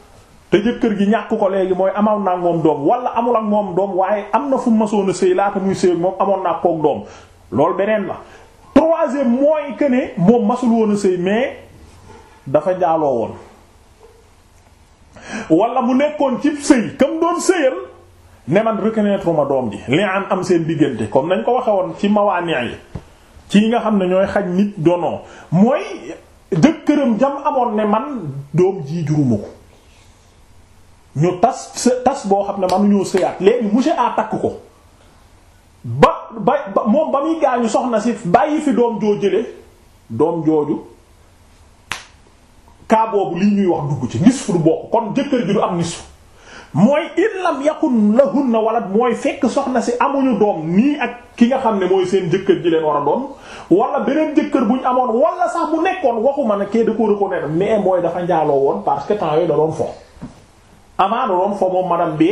te jëkkër gi ñàkk ko léegi mooy amoon naa moom doom wala amul ak moom doom waaye am na fu masoon a sëy laata muy sëy moom amoon naa koog doom loolu beneen la troisième mooy que ne moom masul woon a mais dafa njaaloo woon wala mu nekkoon ci sëy doon sëyal ne man reconnaître ma doom ji am seen diggante comme nañ ko waxe woon ci mawaani yi ci nga xam ne ñooy xaj nit doonoo mooy jëkkëram jam amoon ne man doom ji juruma ko ñu tas tas boo xam ne mënuñoo sëyaat léegi monsieur A takk ko ba ba moom ba muy gaañu soxna si bàyyi fi doom joo jële doom jooju kaa boobu lii ñuy wax dugg ci nisfu du bokk kon jëkkër ji du am nisfu mooy in lam yakun na walad mooy fekk soxna si amuñu doom nii ak ki nga xam ne mooy seen jëkkër ji leen war a doon wala beneen jëkkër buñ amoon wala sax bu nekkoon waxuma ne kee da ko reconnaître mais mooy dafa njaaloo woon parce que temps yooyu da doon foofu amaana doon foo moom madame B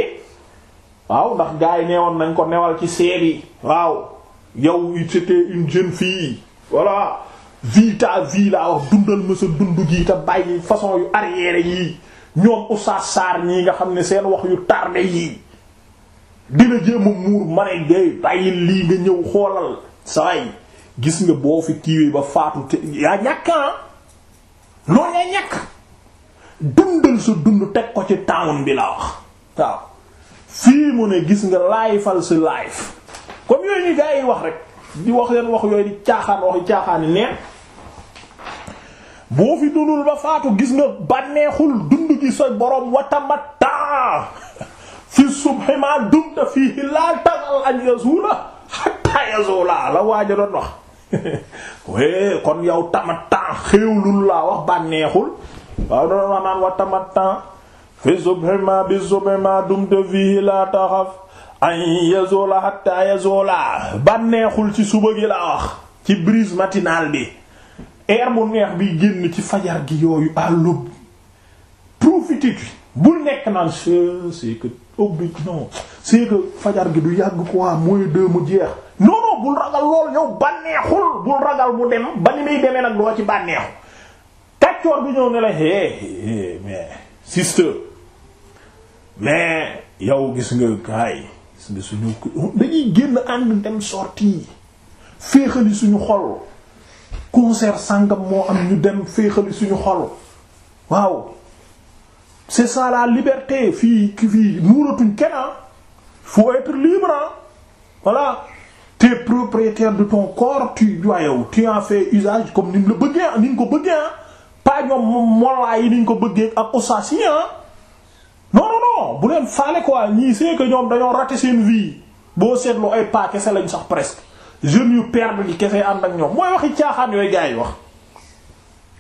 waaw ndax gars yi woon nañ ko newal ci seet yi waaw yow c'était une jeune fille voilà vie ta vie laa wax dundal ma sa dund gi te bàyyi façon yu arrière yi ñoom Oustaz Sarr ñii nga xam ne seen wax yu tardé yii dina jéem muur ma ne day bàyyi lii nga ñëw xoolal saa yi gis nga boo fi kiiwee ba faatu te yaa ñàkk ah yaa ñàkk. dundal sa dund teg ko ci town bi la wax waaw fii mu ne gis nga laayfal sa life comme yooyu ñu gis nga bànneexul dund gi sa borom watamata fi subhi kon yow tamata xéewlul laa wax bànneexul waaw doon wax naan wa tamattan fi subhi ma bi subhi ma la taxaf ci suba gi laa wax ci brise matinale bi air bu neex bi génn ci fajar gi yooyu à l'aube profité ci bu nekk naan c'est que oblig non c'est que fajar gi du yàgg quoi mooy deux mu jeex non bul ragal lool yow bànneexul bul ragal mu dem ba ni muy demee nag doo ci bànneexu kaccoor bi ñëw ne la hé mais sister mais yow gis nga kaay gis nga dañuy génn ànd dem sortie féexali suñu xol concert sàngam moo am ñu dem féexali suñu xol waaw c'est ça la liberté fii ki fii muuratuñ kenn ah. faut être libre ah. voilà tu propriétaire de ton corps tu dois tu en fais usage comme ni mu la bëggee ni nga ko bëggee ah. pas ñoom mollaa yi niñ ko bëggee ak oustaz yi ah. non bu leen faale quoi ñii c'est ñoom dañoo raté seen vie boo seetloo ay pas kese lañ sax presque jeunes yu perdre yi kese ànd ak ñoom mooy waxi caaxaan yooyu gars yi wax.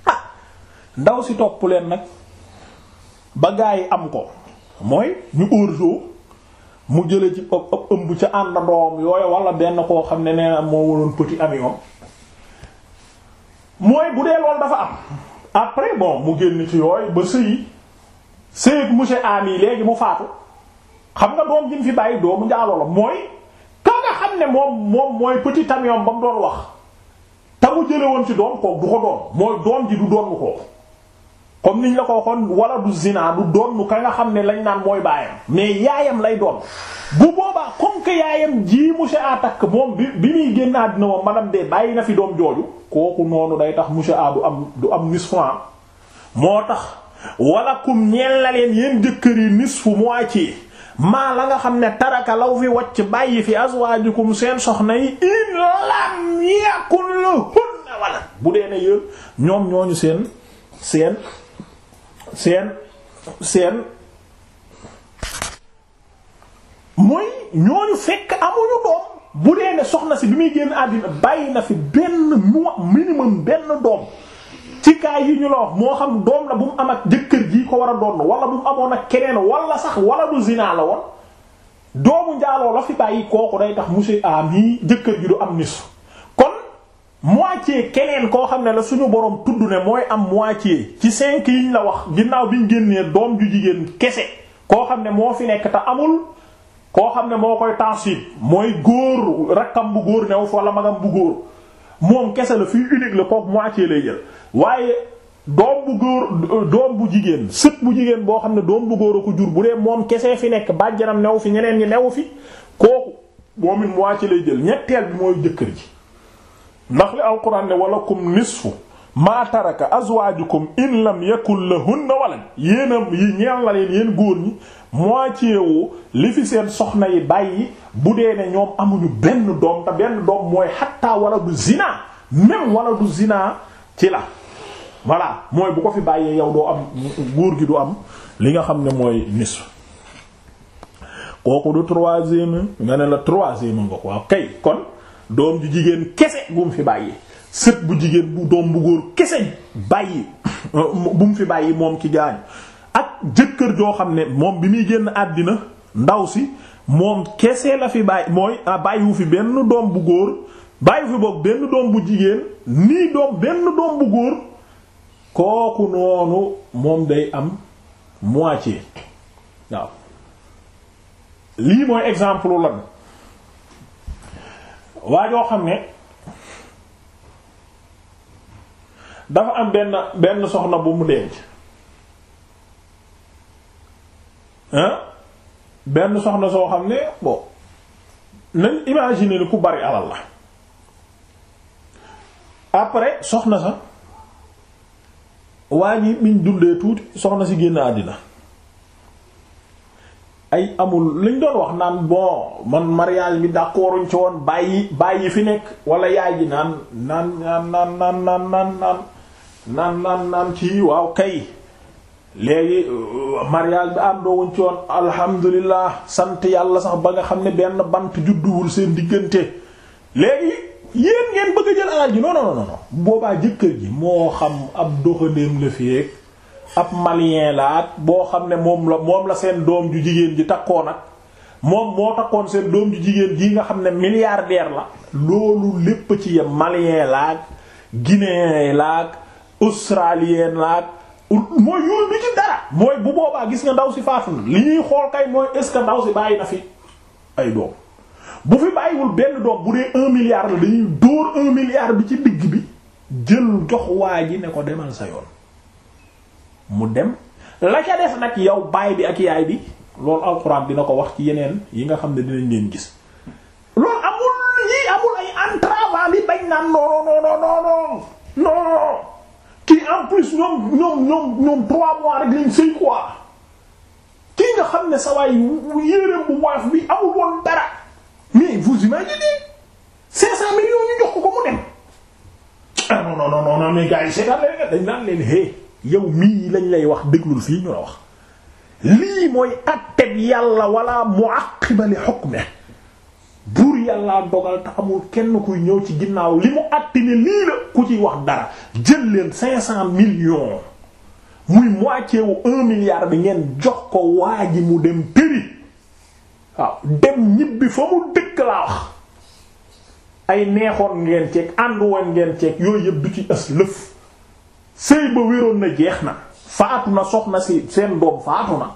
ah si topp leen nag yi am ko mooy ñu orjo mu jëlee ci ëpp ëpp ëmb ca àndandoom wala benn koo xam ne nee na moo waroon petit ami moom bu dee loolu dafa am. après bon mu génn ci yooyu ba sëyi sëyeeg monsieur ami léegi mu faatu xam nga doom ji mu fi bàyyi doomu njaalo la mooy ka nga xam ne moom moom mooy petit tamion ba mu doon wax te mu jële woon ci doom kook du ko doon mooy doom ji du doon ko comme niñ la ko waxoon wala du zina du doon ka nga xam ne lañ naan mooy baayam mais yaayam lay doon bu ji monsieur A takk moom bi bi muy génn àddina bàyyi na fi doom jooju kooku noonu day tax monsieur A du am du am nisfu ah. moo tax wala kum ñeel na leen yéen jëkkër yi nisfu moitié maa la nga xam ne taraka law fi wàcc bàyyi fi azwaajukum seen soxna yi in lam yakul lahunna wala bu dee ne yéen ñoom ñooñu seen seen. seen seen mooy ñooñu fekk amuñu doom bu dee ne soxna si bi muy génn àddina bàyyi na fi benn mois benn doom ci kaay yi ñu la wax moo xam doom la bu mu am ak jëkkër ji ko war a doon wala bu mu amoon ak keneen wala sax wala du zinaa la woon doomu njaaloo la fi bàyyi kooku day tax monsieur ami jëkkër ji du am nisu moitié keneen koo xam ne la suñu borom tudd ne mooy am moitié ci cinq yiñ la wax ginnaaw biñ génnee doom ju jigéen kese koo xam ne moo fi nekk te amul koo xam ne moo koy tansib mooy góor rakkam bu góor new wala magam bu góor moom kese la fii unique la kooku moitié lay jël waaye doom bu bu jigéen sët bu jigéen boo xam ne doom bu góor a jur bu dee moom kesee fi nekk bàjjanam new fi ñeneen ñi new fi kooku moom it moitié lay jël ñetteel bi mooy jëkkër ji ndax li alquran ne walakum nisfu maa taraka azwaajukum in lam yakul lahunna walad yéen a yi ñeel na leen yéen góor ñi moitié wu li fi seen soxna yi bàyyi bu dee ne amuñu benn doom te mooy xattaa wala du zinaa même wala du zinaa ci la voilà mooy bu ko fi bàyyee yow doo am góor gi du am li nga xam ne mooy nisf kooku du troisième nga ne la troisième nga ko kay kon doom ju jigéen kese bu mu fi bàyyi sët bu jigéen bu doom bu góor kese bàyyi euh, bu mu fi bàyyi moom ci gaañu ak jëkkër joo xam ne moom bi muy génn àddina ndaw si moom kese la fi bàyyi mooy ah, bàyyiwu fi benn doom bu góor bàyyiwu fi boog benn doom bu jigéen nii doom benn doom bu góor kooku noonu moom day am moitié waaw lii mooy exemple lan waa joo xam ne dafa am benn benn soxna bu mu denc hein benn soxna soo xam ne bon nañ imaginer ni ku bari alal la après soxna sa waa ji biñ dundee tuuti soxna si génn àddina ay amul liñ doon wax naan bon man mariage bi waruñ ci woon bàyyi bàyyi fi nekk wala yaay ji naan naan naan naan naan naan naan naan naan naan naan ci waaw kay léegi mariage bi àndoowuñ ci woon alhamdulilah sant yàlla sax ba nga xam ne benn bant judduwul seen diggante léegi yéen ngeen bëgg a jël alal ji non non boobaa jëkkër ji moo xam ab doxandéem la fi yeeg ab malien la boo xam ne moom la moom la seen doom ju jigéen ji takkoo nag moom moo takkoon seen doom ju jigéen ji nga xam ne milliardaire la loolu lépp ci yem malien laag guinéen laag australien laag mooy yooyu lu ci dara mooy bu boobaa gis nga ndaw si faatu na li ñuy xool kay mooy est-ce que ndaw si bàyyi na fi ay doom bu fi bàyyiwul benn doom bu dee un milliard la dañuy dóor un milliard bi ci digg bi jël jox waa ji ne ko demal sa yoon mu dem la ca des nag yow baay bi ak yaay bi loolu alxuraan dina ko wax ci yeneen yi nga xam ne dinañ leen gis loolu amul yi amul ay entrave bi bañ naan non non non non non non kii en plus ñoom ñoom ñoom ñoom trois mois rek lañ sëy quoi kii nga xam ne sa waay yéreem bu woyof bi amul woon dara mais vous imaginez cinq cent millions ñu jox ko ko mu dem ah non non non non mais gars yi seetaan leen dañ naan leen hey yow mii lañ lay wax déglul fii ñu la wax lii mooy àtteb yàlla wala mu'aqqiba li hukmi buur yàllaa dogal te kenn kuy ñëw ci ginnaaw li mu àtti lii la ku ci wax dara jël leen cinq cent millions muy moitié wu un milliard bi ngeen jox ko waa ji mu dem péri waaw dem ñibbi fa mu dëkk laa wax ay neexoon ngeen ceeg ànduwoon ngeen ceeg yooyu yëpp du ci as sëy ba wéroon na jeex na faatu na soxna si seen doom faatu na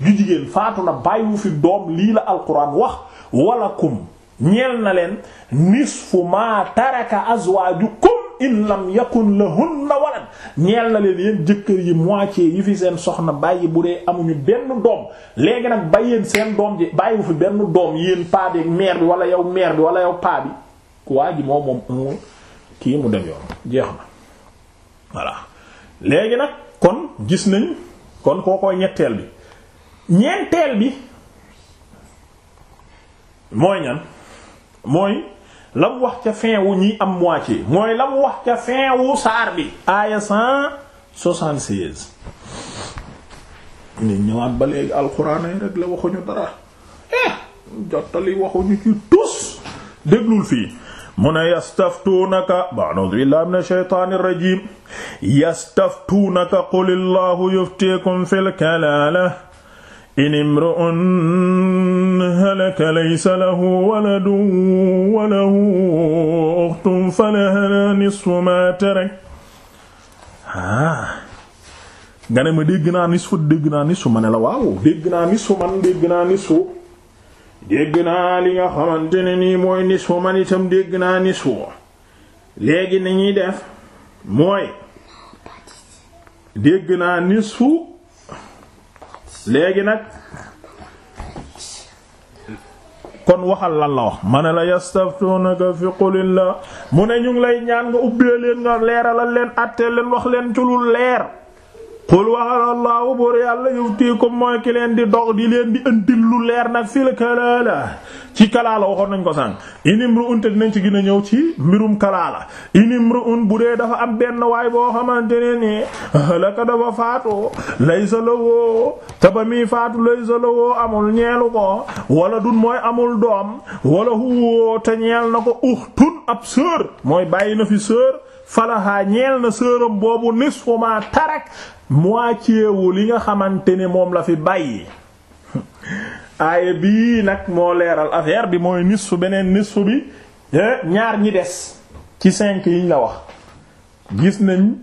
ju jigéen faatu na bàyyiwu fi doom lii la alquran wax walla walakum ñeel na leen nisfu ma taraka azwaajukum in lam yakun lahunna walad ñeel na leen yéen jëkkër yi moitié yi fi seen soxna bàyyi bu dee amuñu benn doom léegi nag bàyyeen seen doom ji bàyyiwu fi benn doom yéen paa bi ak mère bi wala yow meer bi wala yow paa bi waa ji moom moom kii mu dem yoon jeex na voilà léegi nag kon gis nañ kon koo koy ñetteel bi ñeenteel bi mooy ñan mooy lam wax ca fin wu ñi am moitié mooy lam wax ca fin saar bi aaya 176 nit ñëwaat ba léegi alxuraan ay rek la waxuñu dara eh jottali waxuñu ci tus déglul fii mu ne yastaftuunaka ba'udhu billahi minash shaytaanir rajiim yastaftuunaka qul illaahu yuftiikum fil kalaala in imru'un halaka laysa lahu waladun wa lahu ukhtun falahaa nisfu maa tarak ah. nga ne ma dégg naa nisfu dégg naa nisfu ma ne la waaw dégg naa nisfu man dégg naa nisfu dégg naa nisfu dégg naa nisfu léegi ni ñuy def mooy dégg naa ni nisfu léegi nag kon waxal lan la wax ma ne la yastaftunaka fi la mu ne ñu ngi lay ñaan nga ubbee leen nga leeralal leen àttee leen wax leen ci leer xul waxal buur yàlla yuftiikum mooy ki leen di dox di leen di ëndil lu leer nag fii la kalaala ci kalaala waxoon nañ ko sànq inimru'un te dinañ ci gën a ñëw ci mbirum kalaala inimru'un bu dee dafa am benn waay boo xamante ne ni halaka dafa faatu laysa lahu te ba muy faatu laysa lahu amul ñeelu ko wala dun mooy amul doom wala huwa te ñeel na ko uxtun ab sœur mooy bàyyi na fi sœur falaha ñeel na sœuram boobu nisfu ma tarak moitié wu li nga xamante ne moom la fi bàyyi aaya bii nag moo leeral affaire bi mooy nisfu beneen nisfu bi ñaar ñi des ci cinq yiñ la wax gis nañ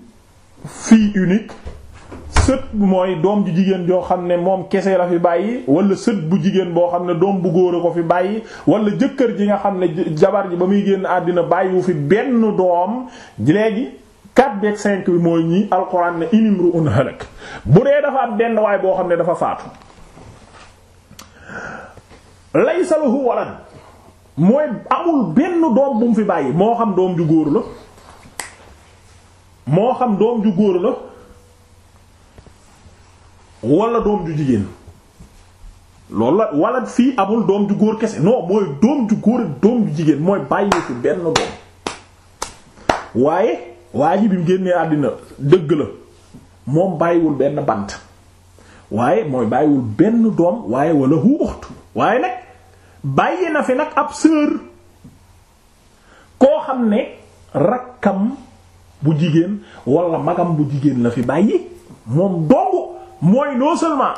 fii unique sët mooy doom ji jigéen joo xam ne moom kese la fi bàyyi wala sët bu jigéen boo xam ne doom bu góor a ko fi bàyyi wala jëkkër ji nga xam ne jabar ji ba muy génn àddina bàyyiwu fi benn doom léegi quatre beeg cinq bi mooy ñii alxuraan ne inimru un halak bu dee dafa am benn waay boo xam ne dafa faatu laysa lahu walad mooy amul benn doom bu mu fi bàyyi moo xam doom ju góor la moo xam doom ju góor la wala doom ju jigéen loolu la walla fii amul doom ju góor kese non mooy doom ju góor ak doom ju jigéen mooy bàyyi fi benn doom waaye waa bi mu génnee àddina dëgg la moom bàyyiwul benn bant waaye mooy bàyyiwul benn doom waaye walla hu uxtu waaye nag bàyyi na fi nag ab sœur koo xam ne rakkam bu jigéen wala magam bu jigéen la fi bàyyi moom dong mooy non seulement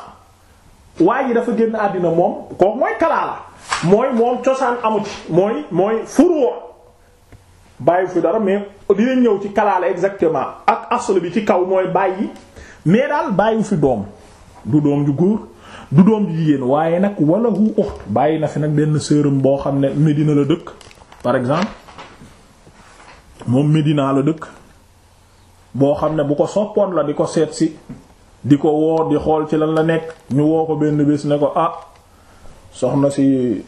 waa dafa génn àddina moom kooku mooy kalaa mooy moom cosaan amu ci mooy mooy furuwa bàyyi fi dara mais dina ñëw ci kalaale exactement ak asl bi ci kaw mooy bàyyi mais daal bàyyi fi doom du doom ju góor du doom ju jigéen waaye nag wala hu uxt bàyyi na fi nag benn sëram boo xam ne Medina la dëkk par exemple moom Medina la dëkk boo xam ne bu ko soppoon la di ko seet si di ko woo di xool ci lan la nekk ñu woo ko benn bis ne ko ah soxna si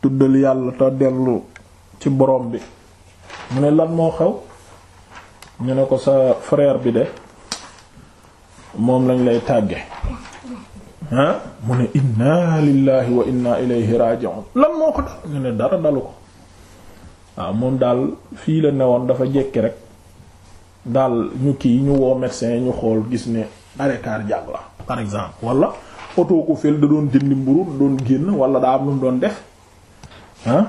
tuddal yàlla te dellu ci borom bi mu ne lan moo xew ñu ne ko sa frère bi de moom lañ lay tàgge ah mu ne inna lillahi wa inna ilayhi raji'un lan moo ko dal ñu ne dara dalu ko waaw moom daal fii la newoon dafa jekki rek daal ñu kii ñu woo médecin ñu xool gis ne arrêt cardiaque par exemple wala oto ko fel da doon jëndi mburu doon génn wala daa am lu mu doon def ah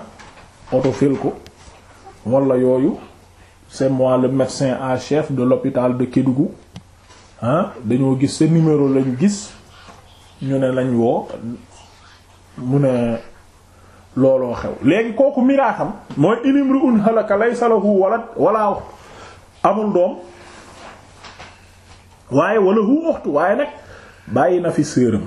oto fel ko wala yooyu c'est moi le médecin en chef de l'hôpital de Kédougou dañoo gis sa numéro lañu gis ñu ne lañ woo mu ne looloo xew léegi kooku miraaxam mooy inimru un halaka laysa lahu walad wala amul doom waaye wala hu uxtu waaye nag bàyyi na fi sëram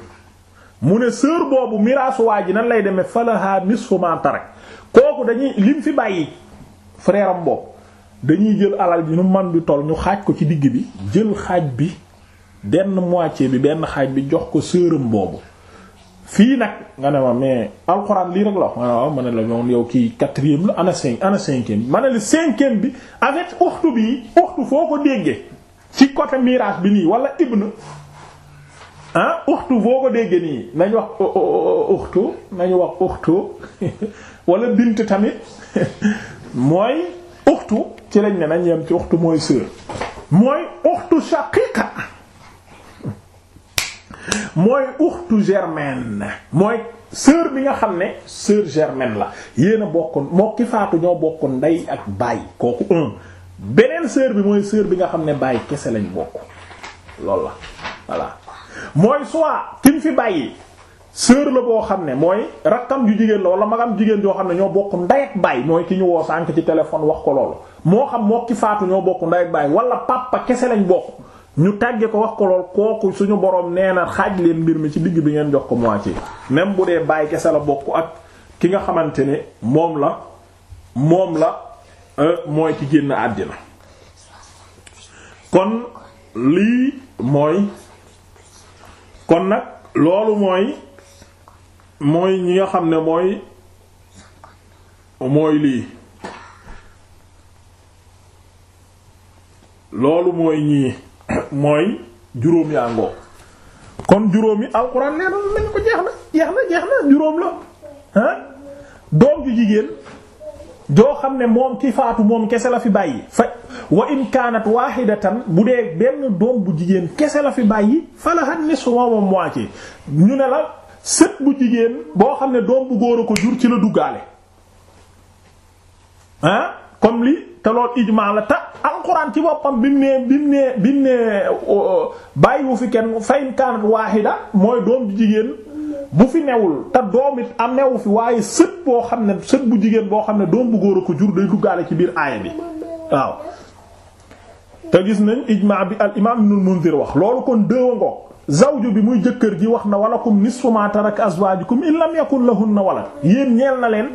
mu ne sër boobu miraasu waa ji nan lay demee falaha nisfu ma tarak kooku dañuy lim fi bàyyi frère am dañuy jël alal bi nu man bi toll ñu xaaj ko ci digg bi jël xaaj bi benn moitié bi benn xaaj bi jox ko sëram boobu fii nag nga ne ma mais alxuraan lii rek la wax ma waaw ma la moom yow kii quatrième la ana cinq ana cinquième bi ma ne bi avec uxtu bi uxtu foo ko déggee ci côté miraas bi nii wala ibn ah uxtu foo ko déggee nii nañ wax uxtu nañu wax uxtu wala bint tamit mooy uxtu ci lañ ne nañ yem ci uxtu mooy sœur mooy uxtu shaqiqa mooy uxtu germaine mooy sœur bi nga xam ne sœur germaine la yéen a bokkoon moo ki faatu ñoo bokkoon ndey ak baay kooku un beneen sœur bi mooy sœur bi nga xam ne bàyyi kese lañ bokk loolu la voilà mooy soit ki mu fi bàyyi sœur la boo xam ne mooy rakkam ju jigéen la wala magam jigéen joo xam ne ñoo bokk nday ak baay mooy ki ñu woo sànk ci téléphone wax ko loolu moo xam moo ki faatu ñoo bokk baay wala papa lañ bokk ñu tàgge ko wax ko lool kooku suñu borom nee na xaaj leen mbir mi ci digg bi ngeen jox ko moitié même bu dee baay kese la bokk ak ki nga xamante ne moom la moom la euh, mooy ci génn àddina kon lii mooy kon nag loolu mooy. mooy ñi xam ne mooy mooy lii loolu mooy ñii mooy juróom yaa ngoo kon juróom yi alxuraan nee na ko jeex na jeex na jeex na juróom la ah doom ju jigéen joo xam ne moom ki faatu moom kese la fi bàyyi fa wa in kaanat bu dee benn doom bu jigéen kese la fi bàyyi falaha nisfu moom moitié ñu ne la sët bu jigéen boo xam ne doom bu góor a ko jur ci la duggaale ah comme li te lool ijmaa la te alxuraan ci boppam bi mu nee bàyyiwu fi kenn fayn kaanat waahida mooy doom bu jigéen bu fi newul te doom it newu fi waaye sët boo xam ne sët bu jigéen boo xam ne doom bu góor a ko jur day duggaale ci biir aaya bi waaw te gis nañ ijmaa bi al imaam Ibnul Munzir wax loolu kon dëwa ngoog zawju bi muy jëkkër ji wax na walakum nisfu ma taraka azwajukum in lam yakun lahunna walad yéen ñeel na leen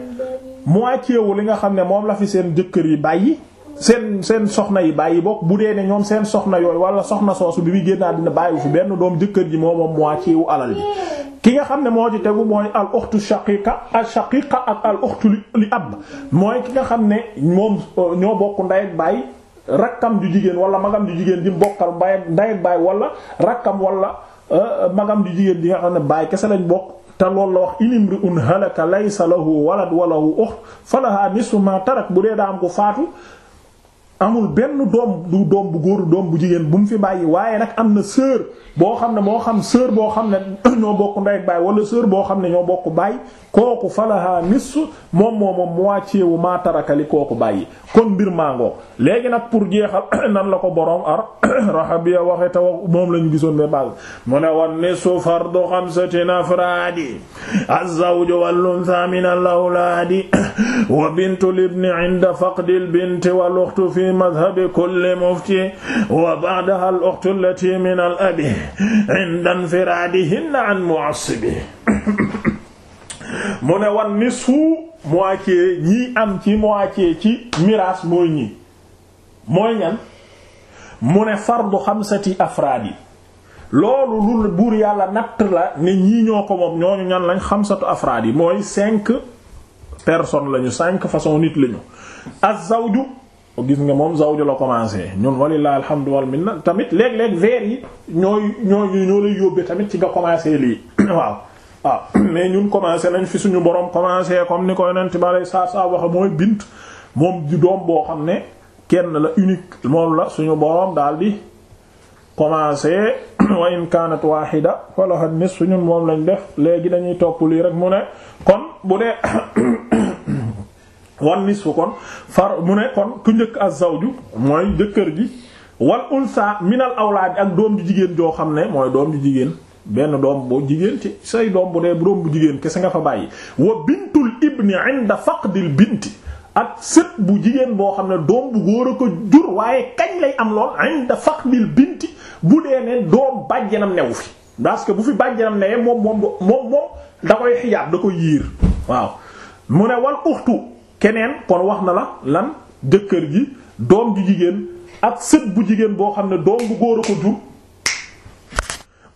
moitié wu li nga xam ne moom la fi seen jëkkër yi bàyyi seen seen soxna yi bàyyi bokk bu dee ne seen soxna yooyu wala soxna soosu bi bi génnaa dina bàyyiwu fi benn doom jëkkër ji moom moom moitié alal ki nga xam ne moo ci tegu mooy al ukhtu shaqiqa al shaqiqa ak al ukhtu li ab mooy ki nga xam ne moom euh, ñoo bokk ndey ak bàyyi rakkam ju jigéen wala magam ju jigéen di mbokkal baay nday baay wala rakkam wala euh, magam ju jigéen di nga xam ne baay kese lañ bokk te loolu la wax inimri un halaka laysa lahu walad walahu ukht falaha nisfu ma tarak bu dee daa am ko faatu amul benn doom du doom bu góor doom bu jigéen bu mu fi bàyyi waaye nag am na sœur boo xam ne moo xam sœur boo xam ne ñoo bokk ndey ak baay wala sœur boo xam ne ñoo bokk baay kooku falaha nissu moom moo moom moitié wu maa tarakali kooku bàyyi kon mbir màngoo léegi nag pour jeexal nan la ko boroom ar rahabiya waxe taw moom lañu gisoon ba bàgg mu ne wan nissu fardu xamsatin afraadi az-zawju wal untha min al wa bintu libni inda faqdil fi fi madhabi kulli mufti wa ba'daha al-ukhtu allati min al-abi 'inda infiradihinna 'an mu'assibi mu ne wan nisfu moitié ñii ci moitié ci miraas mooy ñii mooy ñan mu ne fardu xamsati afraad yi loolu lu buur yàlla natt la ne ñii ñoo ko moom ñooñu ñan lañ xamsatu afraad yi mooy cinq personnes lañu cinq façons nit lañu gis nga moom zawju la commencé ñun walilah alhamdu wal minna tamit léeg-léeg vers yi ñooy ñooy ñoo lay yóbbee tamit ci nga commencé lii waaw waaw ah, mais ñun commencé nañ fi suñu borom commencé comme ni ko yonent ba lay saa saa waxe mooy bint moom di doom boo xam ne kenn la unique moom la suñu borom daal di commencé wa in kanat wahida falaha nisfu ñun moom lañ def léegi dañuy topp lii rek mu ne kon bu dee wan nisfu kon far mu ne kon ku njëkk az-zawju mooy jëkkër gi wal unsa minal awlaad ak doom ju jigéen joo xam ne mooy doom ju jigéen benn doom bu jigéen ci say doom bu dee bu bu jigéen kese nga fa bàyyi wa bintul ibni inda faqdil binti ak sët bu jigéen boo xam ne doom ko jur waaye kañ lay am lool inda faqdil binti bu dee ne doom bàjjanam newu fi parce que bu fi bàjjanam newee moom moom moom yiir waaw mu ne wal uxtu keneen kon wax na la lan jëkkër ji doom ju jigéen ak sët bu jigéen boo xam ne doom bu góor a ko jur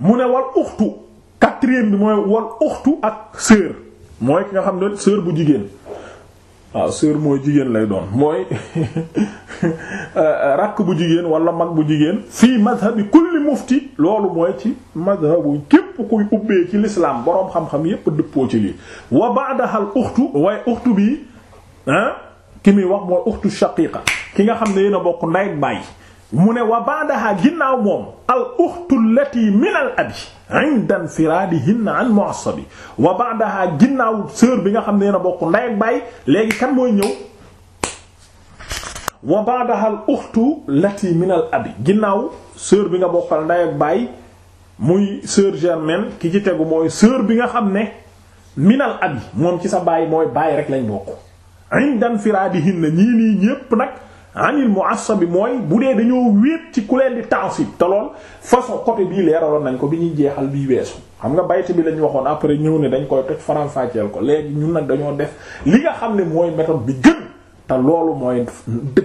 mu ne wal uxtu quatrième bi mooy wal uxtu ak sœur mooy ki nga xam ne sœur bu jigéen waaw sœur mooy jigéen lay doon mooy euh, rakk bu jigéen walla mag bu jigéen fii madhabi kulli mufti loolu mooy ci madhabu képp kuy ubbee ci lislaam boroom xam-xam yépp dëppoo ci lii wa ba'daha uxtu waaye uxtu bi ki muy wax mooy uxtu shaqiqa ki nga xam ne yéen a bokk ndey ak baay mu ne wa ba'daha ginnaaw moom al uxtu allati min al abi inda infiradihinna wa ba'daha ginnaaw sœur bi nga xam ne yéen a bokk ndey ak baay léegi kan mooy ñëw wa ba'daha al uxtu allati ginnaaw sœur bi nga bokkal ndey ak baay muy sœur germaine ki ci tegu mooy sœur bi nga xam ne min al abi moom ci sa baay mooy bàyyi rek lañ bokk inda infiraadihinna ñii nii ñépp nag anil mu'assabi mooy bu dee dañoo wéet ci ku leen di tansib te lool façon côté bii leeraloon nañ ko bi ñuy jeexal bii weesu xam nga bayte bi lañ waxoon après ñëw ne dañ koy toj faramfàcceel ko léegi ñun nag dañoo def li nga xam ne mooy méthode bi gën te loolu mooy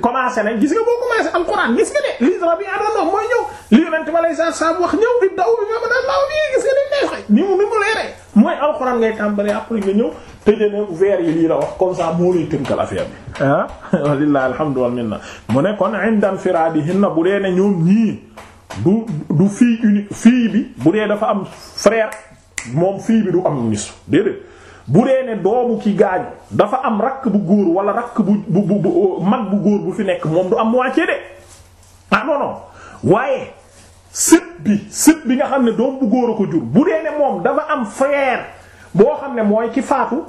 commencé nañ gis nga boo commencé alxuraan gis nga de li Rabi adoon wax mooy ñëw li yonent ma lay sa sa wax ñëw di daw bi ma mën a law bi mooy alxuraan ngay tàmbalee après nga ñëw tëjee ne yi lii la wax comme ça moo lay tënkal affaire bi ah walillahi alhamdu wal minna mu ne kon inda na bu dee ne ñoom ñii du du fille unique fille bi bu dee dafa am frère moom fii bi du am nis déedéet bu dee ne doomu ki gaañu dafa am rakk bu góor wala rakk bu bu bu mag bu góor bu fi nekk moom du am moitié de ah non non waaye sit bi sët bi nga xam ne doom bu góor a ko jur bu dee ne moom dafa am frère boo xam ne mooy ki faatu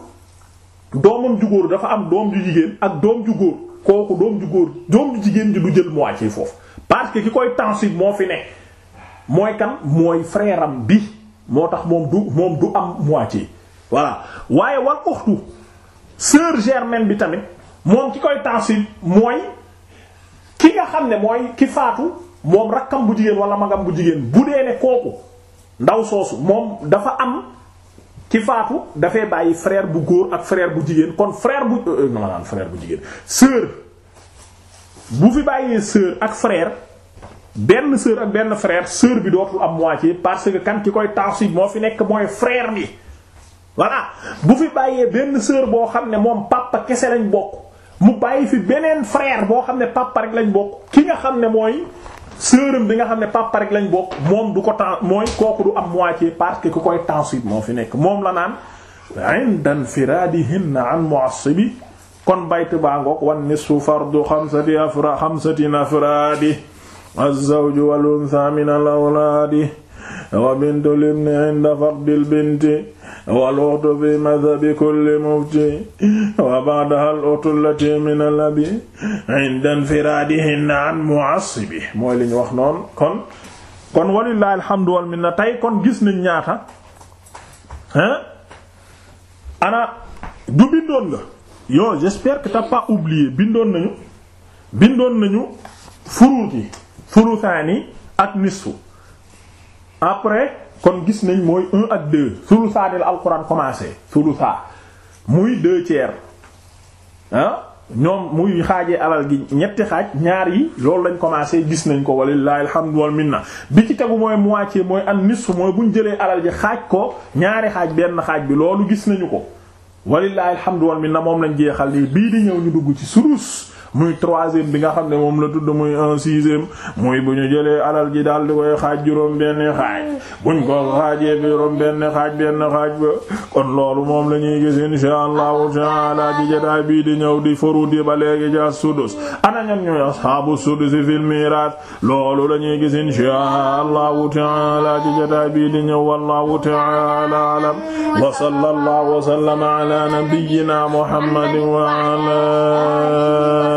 doomam ju góor dafa am doom ju jigéen ak doom ju góor kooku doom ju góor doom jigéen ji du jël moitié foofu parce que ki koy tansib moo fi ne mooy kan mooy frère bi moo tax moom du moom du am moitié voilà waaye wal uxtu sœur germaine bi tamit moom ki koy tansib mooy ki nga xam ne mooy ki faatu moom rakkam bu jigéen wala magam bu jigéen bu dee ne kooku ndaw soosu moom dafa am ci faatu dafay bàyyi frère bu góor ak frère bu jigéen kon frère bu euh, euh, na bu jigéen sœur bu fi bàyyee sœur ak frère benn sœur ak benn frère sœur bi dootul am moitié parce que kan ki koy taasib moo fi nekk mooy frère bi voilà bu fi bàyyee benn sœur boo xam ne moom papa kese lañ bokk mu bàyyi fi beneen frère boo xam ne papa rek lañ bokk ki nga xam ne mooy sërëm bi nga xam ne papa rek lañ bokk moom du ko temps mooy kooku du am moitié parce ku koy tensuit moo fi nekk moom la naan inda infiradihinna an mu'assibi kon bayt baa ngoog wan nisfu fardu xamsati afra xamsatin afraadi az-zawju wal awlaadi wa bintu libni inda fardil binti wal uxtu fi madhabi kulli mufti wa ba'daha al uxtu allati min al abi inda infiraadihinna an mu'assibi mooy li wax noonu kon kon walillahi alhamdu wal tey kon gis nañ ñaata hein ana du bindoon nga yo j'espère que t'as pas oublié bindoon nañu bindoon nañu furuut yi furuusaani ak nisfu après kon gis nañ mooy un ak deux sulusaa al alquran commencé sulusaa muy deux tiers ah ñoom muy xaajee alal gi ñetti xaaj ñaar yi loolu lañ commencé gis nañ ko walillahi alhamdu wal minna bi ci tegu mooy moitié mooy an nisf mooy buñ jëlee alal ji xaaj ko ñaari xaaj benn xaaj bi loolu gis nañu ko walillahi alhamdu wal minna moom lañ jeexal nii bii di ñëw ñu dugg ci surus muy troisième bi nga xam ne moom la tudd muy un sixième muy bu ñu jëlee alal ji daal di koy xaaj juróom benn xaaj buñ ko xaajee juróom benn xaaj xaaj ba kon loolu moom la ñuy gis insha allahu taala ci jotaay bii di ñëw di faru di ba léegi ci as-sudus ana ñan ñooy ashaabu sudus fil miraas loolu la ñuy gis insha allahu taala ci jotaay bii di ñëw wallahu taala alam wa sallallahu wa sallama ala nabiyyina muhammadin wa ala